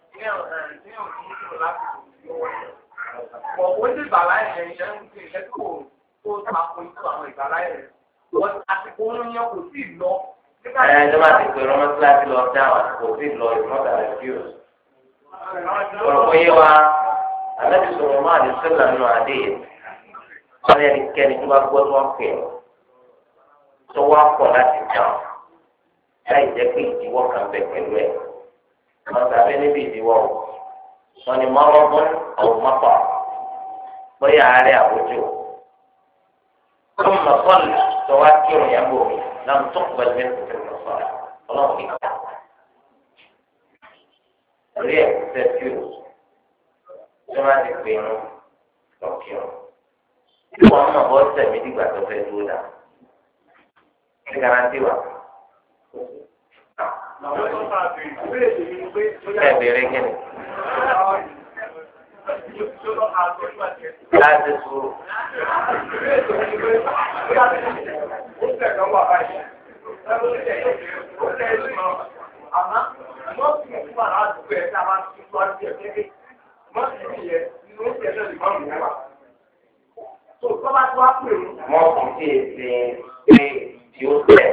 ní ọ̀rẹ́ ní òní ìlú láti ìlú wọ̀ ó sì bàlá ẹ̀rẹ̀ ìṣẹ́ ń ṣe iṣẹ́ tó tó tako ikú àwọn ìbàlá ẹ̀rẹ̀ wọ́n àsìkò ń yan kò sí lọ. ẹ ẹ máa ti pè rọmọ síláàsì lọ dáhùn àsìkò sí lọ ìmọ̀tà rẹ̀fíùs. ọ̀pọ̀ yé wa alẹ́ sọ̀rọ̀ máa lè sọ̀rọ̀ nù àdé wọ́n yẹ kẹ́ni tó bá gbọ́ tó wọ́n pè ọ́ tó wọ́n kọ̀ láti dáhùn láì jẹ́ pé ìdíwọ́ kan bẹ̀ pẹ̀lú ẹ̀ wọn tàbí níbi ìdíwọ́ o wọn ni mọ́rọ́gbọ́n àwọn mọ́pà bóyá àárẹ̀ àwùjọ ọmọ sọ́ọ̀lù tó wá kírun yẹn bò mí lọ́nà tó kù bẹ́ẹ̀ ní kòtò ìlú sọ́ọ̀lù ọlọ́run kì í kà orí ẹ̀ tẹ̀ sí o tí wọ́n ti pè é lọ́kírun tí wọ́n mọ̀ bọ́ sẹ̀mí dìgbà tó fẹ́ dúró dà ní garanti wa ẹ bèrè láti sùúrù. Àmọ́ mọ́ọ̀sì fún àwọn tí ó tẹ̀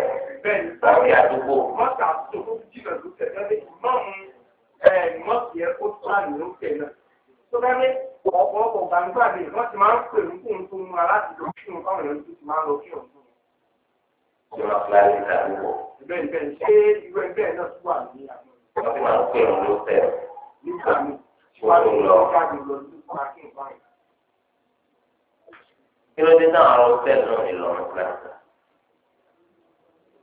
sáré àdúgbò. mọ́tà tó tó jìnnà ló tẹ̀lé ní mọ́mú mọ́tì ẹ̀ kó tó àná ló tẹ̀lé. tó ní ọ̀pọ̀lọpọ̀ gbàngbà mi wọ́n ti máa ń pè ní kóun tó mu aláàtì tó kí wọn báwọn èèyàn ti máa lọ kí wọn tó. kí ló dé náà àwọn ọ̀sẹ̀ ìlọrin kíláàsì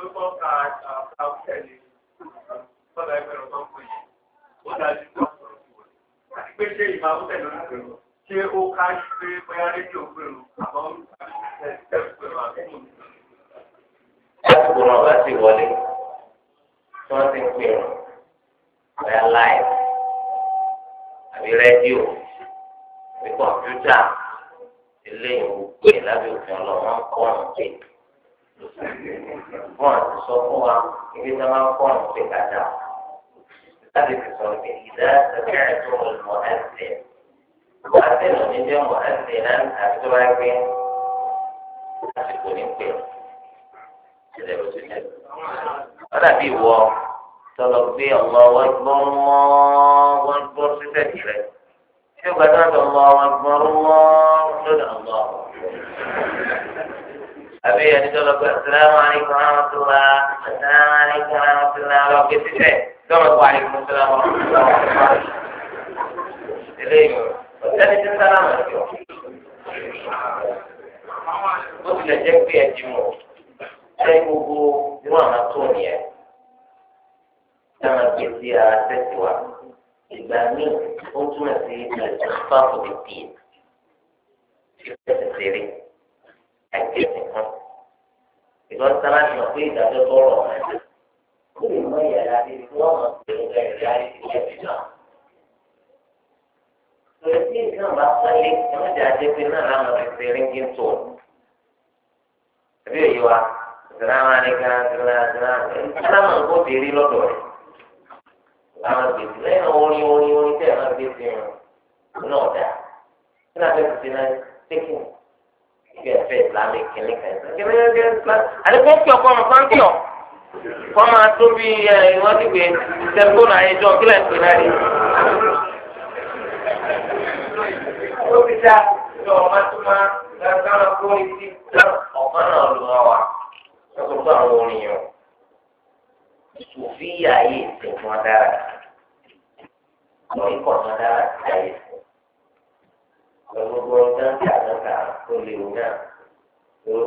tó tọ́ka àkàwùtẹ̀lẹ̀ sọ́dọ̀ ẹgbẹ̀rún tó ń pè yẹn ó dájú tó sọ̀rọ̀ sí wọn. àti ká pé bóyá rédíò pèrò àbọ̀ ń wọn ti sọ fún wa ibi tí wọn kọ́ ọ̀hún pé kàdá láti fi sọ pé ìdá ẹgbẹ́ ẹ̀tọ́ ọ̀lùmọ̀ ẹ̀sẹ̀ àti ẹ̀lọ́mí jẹ́ ọmọ ẹ̀sẹ̀ náà àti tó bá gbé àsìkò ní pé ẹ̀sẹ̀ ló ti jẹ́. wọ́n dàbí ìwọ tọ́lọ gbé ọmọ wọn gbọ́n mọ́ wọn gbọ́ síbẹ̀ tirẹ̀ tí ó gbàdúrà tó ọmọ wọn gbọ́n mọ́ lọ́dọ̀ ọmọ. àbí ẹni tó lọ pé asalaamu alaykum wa rahmatulah asalaamu alaykum wa rahmatulah lọ pé síbẹ̀ lọ́wọ́ tó alaykum salaam wa rahmatulah. eléyìí ọ̀sẹ́ni tí sálámù ẹ̀jọ̀ ó tilẹ̀ jẹ́ pé ẹ̀jì mọ̀ ṣé gbogbo irú àwọn tó nìyẹn táwọn gbèsè ara tẹ̀sí wa ìgbà míì ó túmọ̀ sí ìgbà ìjọba fún mi tì í ṣe fẹ́ẹ́ ṣe ṣeré. àìjẹ́ nìkan ìgbà sábà ní ọ̀pẹ́ ìdájọ́ tó rọ̀ wọn ẹ̀dá ó lè mọ ìyàrá ibi tí wọ́n mọ̀ pé ó bẹ̀rẹ̀ rí ayé ti lẹ́bi náà. Lórí tí nǹkan bá pẹ́lẹ́ ẹ̀wọ́n ti àjẹ́ pé náà láwọn ọ̀rẹ́ ti rí ní tó. Ẹbí òye wa, ìsìlámà ní ká ìsìlámà ìsìlámà ìsìlámà ń kó bèrè lọ́dọ̀ rẹ̀. Àwọn gbèsè lẹ́yìn orin kí ẹ fẹ́ ìsìlámì kìíní kan ìsìlámì àdìpọ̀ kí ọkọ ọmọ pàǹkì ọ̀ kọ́ máa tó bí ìwọ́n ti gbé tẹlifóònù àyẹjọ kílẹ̀ ń pè náà rí. ó ti dá ìjọ ọmọ tó máa gbàgbọ́n kó etí ọ̀gbọ́n náà lù wá lọ́sọ̀ fún àwọn orin yẹn sòfíà yìí ìsìn fún adára lọ́ọ́ fún adára ti dá gbogbo ọdún tí àdọ́ta ó lè wù náà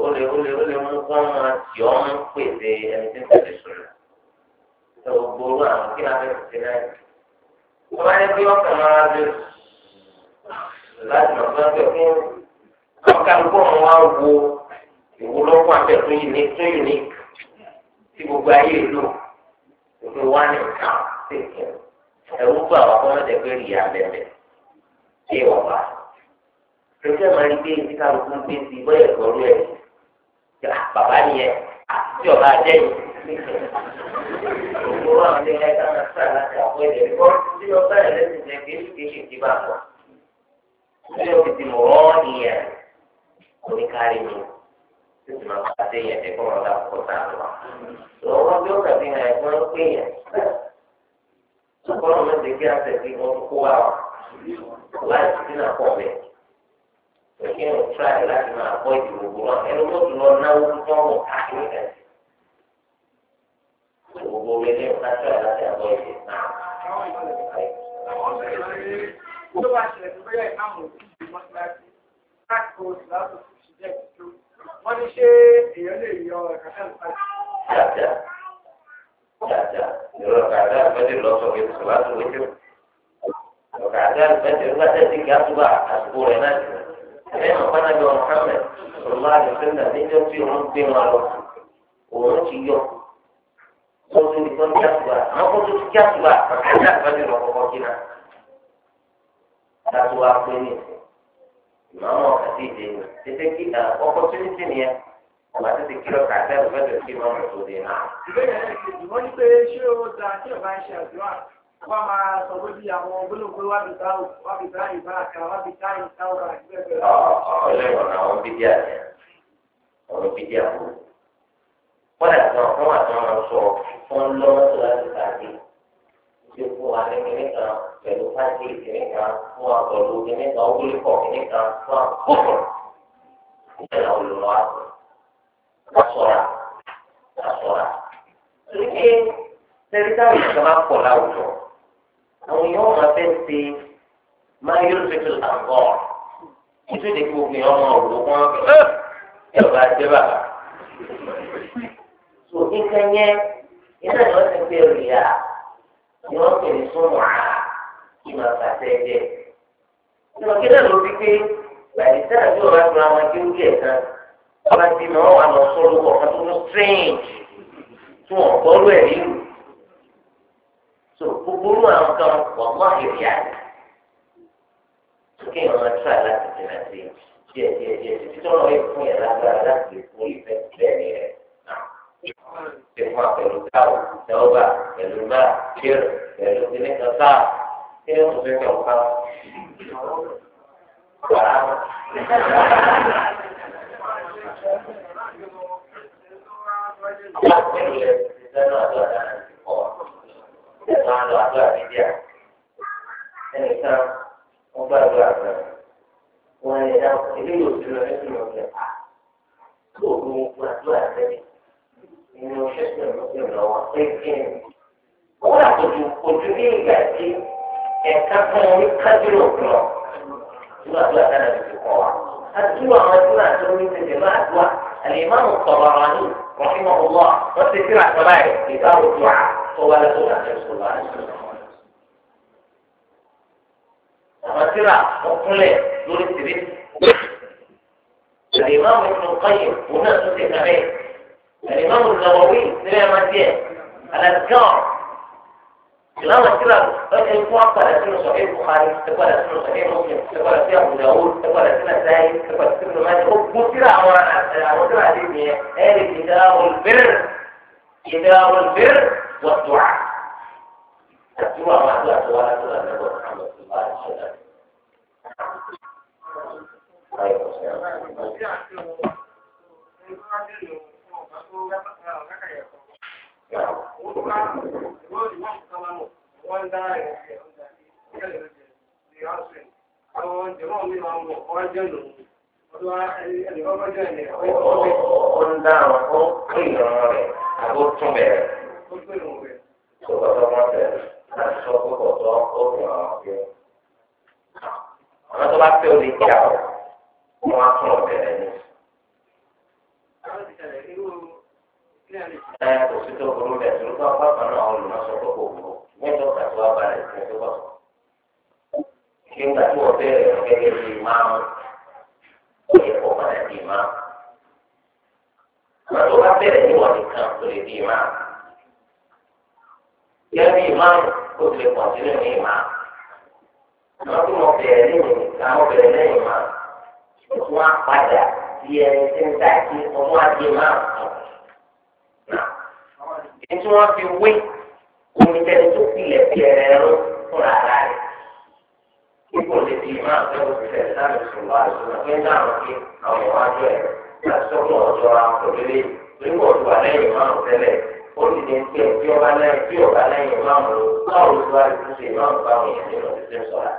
ó lè ó lè ó lè mú kó máa tì ọ́ ń pèsè ẹni tí ń tẹ̀lé sọ̀rọ̀ tó gbogbo owó àwọn kí náà fẹ́ẹ́ fi náà tó bá yẹ kí ọkàn máa lè láti mọ̀ fún ọkàn fún ọkàn gbọ́ wọn wá wo ìwúlọ́pọ̀ àtẹ̀tún yìí ní tún yìí ní tí gbogbo ayé lò òfin wá ní nǹkan ẹ̀rú gbà wá kọ́ mọ́tẹ̀ pé bẹ̀rẹ̀ ṣé wọ́n ẹjẹ máa ń gbé ní kálukú gbé sí bóyá ẹ̀kọ́ rẹ̀ bàbá nìyẹn àti ọba àjẹyìn òwúrọ̀ àwọn ilé ẹ̀ka náà sàn láti àpò ẹ̀jẹ̀ kọ́ tí wọ́n bá ẹ̀rẹ́ ti jẹ kéṣù kéṣù tí bá pọ̀ tí wọ́n fi ti mọ̀ ọ́ nìyẹn kò ní kárí mi tí tí máa bá dé yẹn tẹ́kọ̀ wọn láti kọ́ sáà lọ. lọ́wọ́ bí ó kàbí hàn ẹ̀kọ́ ń pè yẹn ṣùgbọ́n ọ̀nà ti kí àtẹ̀sí wọn kó wà wá láì sí náà bẹ́ẹ̀ kí wọn fúra ẹ láti máa bọ ìdìbò gbòòrò ẹni tó tún lọ náwó tó wọn káàkiri ẹ gbogbo rẹ ní ọ̀ká tó ẹ láti àbọ̀ ìdìbò náà. Tó bá ṣẹlẹ̀ tó bẹ́yà ìmáàmù òbí ìlú mọ́síláṣí, káàkiri oṣù láti ṣì jẹ́ ìtú. Wọ́n ní ṣé èèyàn lè yọ ẹ̀ka sẹ́nu pàdé. Dáadáa, dáadáa, ìrọ̀lọ́kà dáa mẹ́rin lọ́sọ̀ọ́ kí oṣù láti wọ́n jù. Ìrọ̀lọ́kà dáa mẹ́rin lọ́sọ̀ọ́ kí oṣù láti wọ́n jù ẹ̀yìn ọ̀pọ̀lọpọ̀ àjọ Muhammad ọ̀lá àjọṣẹ́lẹ̀ níjọ́ tí òun gbé wọn lọ òun ti yọ kóso nìkan ní àtúbà àwọn kóso ti kí àtúbà àti àtúbàjọ lọ kọ́kọ́ kí náà láti wá pé ní ìmọ̀ọ́mọ́ àti ìdè ní tètè kí ọkọ̀ tó ní sí nìyẹn ọba tètè kí ọkà àti àtúbàjọ kí ìmọ̀ọ́mọ́ tó dé náà. ìbéèrè ẹ̀ ṣe ìwọ́n ní pé ṣé o wọ́n máa sọ lórí àwọn gbólóńgbó wá bí táwọn wá bí táwọn ìbá àkàrà wá bí táwọn táwọn rà sí bẹ́ẹ̀ bẹ́ẹ̀. ọ̀rẹ́ ìwọ̀n àwọn bídíà ni àwọn bídíà kò. wọ́n dà tán wọ́n wà tán wọn sọ fún lọ́wọ́ tó láti pàdé. ṣé fún wa ní kíní kan pẹ̀lú pàdé kíní kan fún wa pẹ̀lú kíní kan wúlé kọ̀ kíní kan fún wa kókò. ìṣẹ́ náà ló lọ́wọ́ àpò. wọ́n sọ̀ra wọ́n sọ̀ra. torí pé tẹ̀lé táwọn ìjọba pọ̀ láwùjọ àwọn yóò máa fẹ́ ṣe máa yóò ṣe fi làǹgọ̀ ètò ìdè kí gbogbo ọmọ òwò wọn ẹ ọba jẹ bàbá. tó nǹkan yẹn iná ni wọ́n ti pè rìà ni wọ́n pè ní súnmọ́ à kí máa fàṣẹ jẹ. ìmọ̀ kí náà ló fi pé bàbá ìtàn yóò máa tún àwọn akéwì ẹ̀ kan ọba ti mọ̀ wà lọ sọ́lọ́wọ́ ọ̀kan tó ń strange tí wọ́n gbọ́rú ẹ̀ nínú so gbogbo inú àwọn kan wà mọ́ ìrìn àná sókè yẹn máa tíra láti dènà sí díẹ̀ díẹ̀ díẹ̀ títí tó lọ yẹ fún yẹn lágbára láti lè fún ìfẹ́ bẹ́ẹ̀ ni rẹ̀ náà ṣe fún àpẹẹrẹ táwọn ìdáwọ́bà pẹ̀lú náà ṣẹ́rù pẹ̀lú ilé kan sáà kí ni fẹ́ kẹ́ ọ̀ká wàá. Thank ṣe máa ń lo àdúrà níbí à. ẹnìkan wọn bá àdúrà rẹ wọn ẹ dá ilé ìwòsàn lọ nínú ìrọ̀lẹ́ à tó o mú àdúrà rẹ nínú ṣẹ́sìn ìrànlọ́wọ́ ẹ̀kẹ́ wọn àkójú kojú ní ìgbà tí ẹ̀ka fún orí kájúrò lọ nínú àdúrà náà lè fi kọ́ wa. adúlọ̀ àwọn àdúrà tó ní tẹ̀lé máa dùn à. الإمام الطبراني رحمه الله وفي سيرة كبائر كتاب الدعاء هو لقول عن رسول الله صلى الله عليه وسلم àwọn tíra wọn kúnlẹ̀ lórí tìrí àlìmáàmù Ibn Qayyim òun náà tún ti kàrẹ́ àlìmáàmù Nawawi nílẹ̀ máa díẹ̀ alàgán ìlànà tíra lọ́sẹ̀ ikú apàdà sínú sọ̀rọ̀ Bukhari ẹ̀kọ́dà sínú sọ̀rọ̀ Muslim ẹ̀kọ́dà sí Abu Dawud ẹ̀kọ́dà sí Nasa'i ẹ̀kọ́dà sí Ibn Majah ó gbó tíra àwọn àwọn tíra àdébìyẹn ẹ̀rì ìdáwọ̀lbẹ̀rẹ̀ ìdáwọ̀lbẹ̀rẹ̀ والدعاء الدعاء مع دعاء سؤال سؤال النبي محمد صلى الله عليه وسلم Ó ń dáhùn fún ìrànlọ́rẹ̀ àbótúnbẹ̀rẹ̀. col velore. Sicuramente sono poco troppo grazie. Ma trovate un richiamo, ma sono bene. Eh, così dopo un mezzo, non fa papà, no, non so mi tocca trovare questo cosa. Sembra tuo te, che è l'imam, che può fare l'imam. Ma trovate le nuove canzoni di imam. gẹ́gẹ́ bí ìmáàmù ó ti lè pọ̀ sí lẹ́nu ìmáàmù. Àmọ́ bí mo bẹ̀rẹ̀ lẹ́yìn nìkan, mo bẹ̀rẹ̀ lẹ́yìn ìmáàmù. Mo tún wá padà sí ẹni tí ń ta kí ọmọ adé máa sùn. Èyí tí wọ́n fi wé omi tẹ́lẹ̀ tó pilẹ̀ bí ẹ̀rọ fúnra ara rẹ̀. Ipò lè fi ìmáàmù tó ti tẹ̀lé láti sùn wá àìsàn pé dáhùn kí àwọn ìwájú ẹ̀ láti ó sì lè fi ọba lẹ́yìn ọba lẹ́yìn máàmù báwo ló wá lè túnṣe báwọn èèyàn nínú ìdílé sọ̀rọ̀.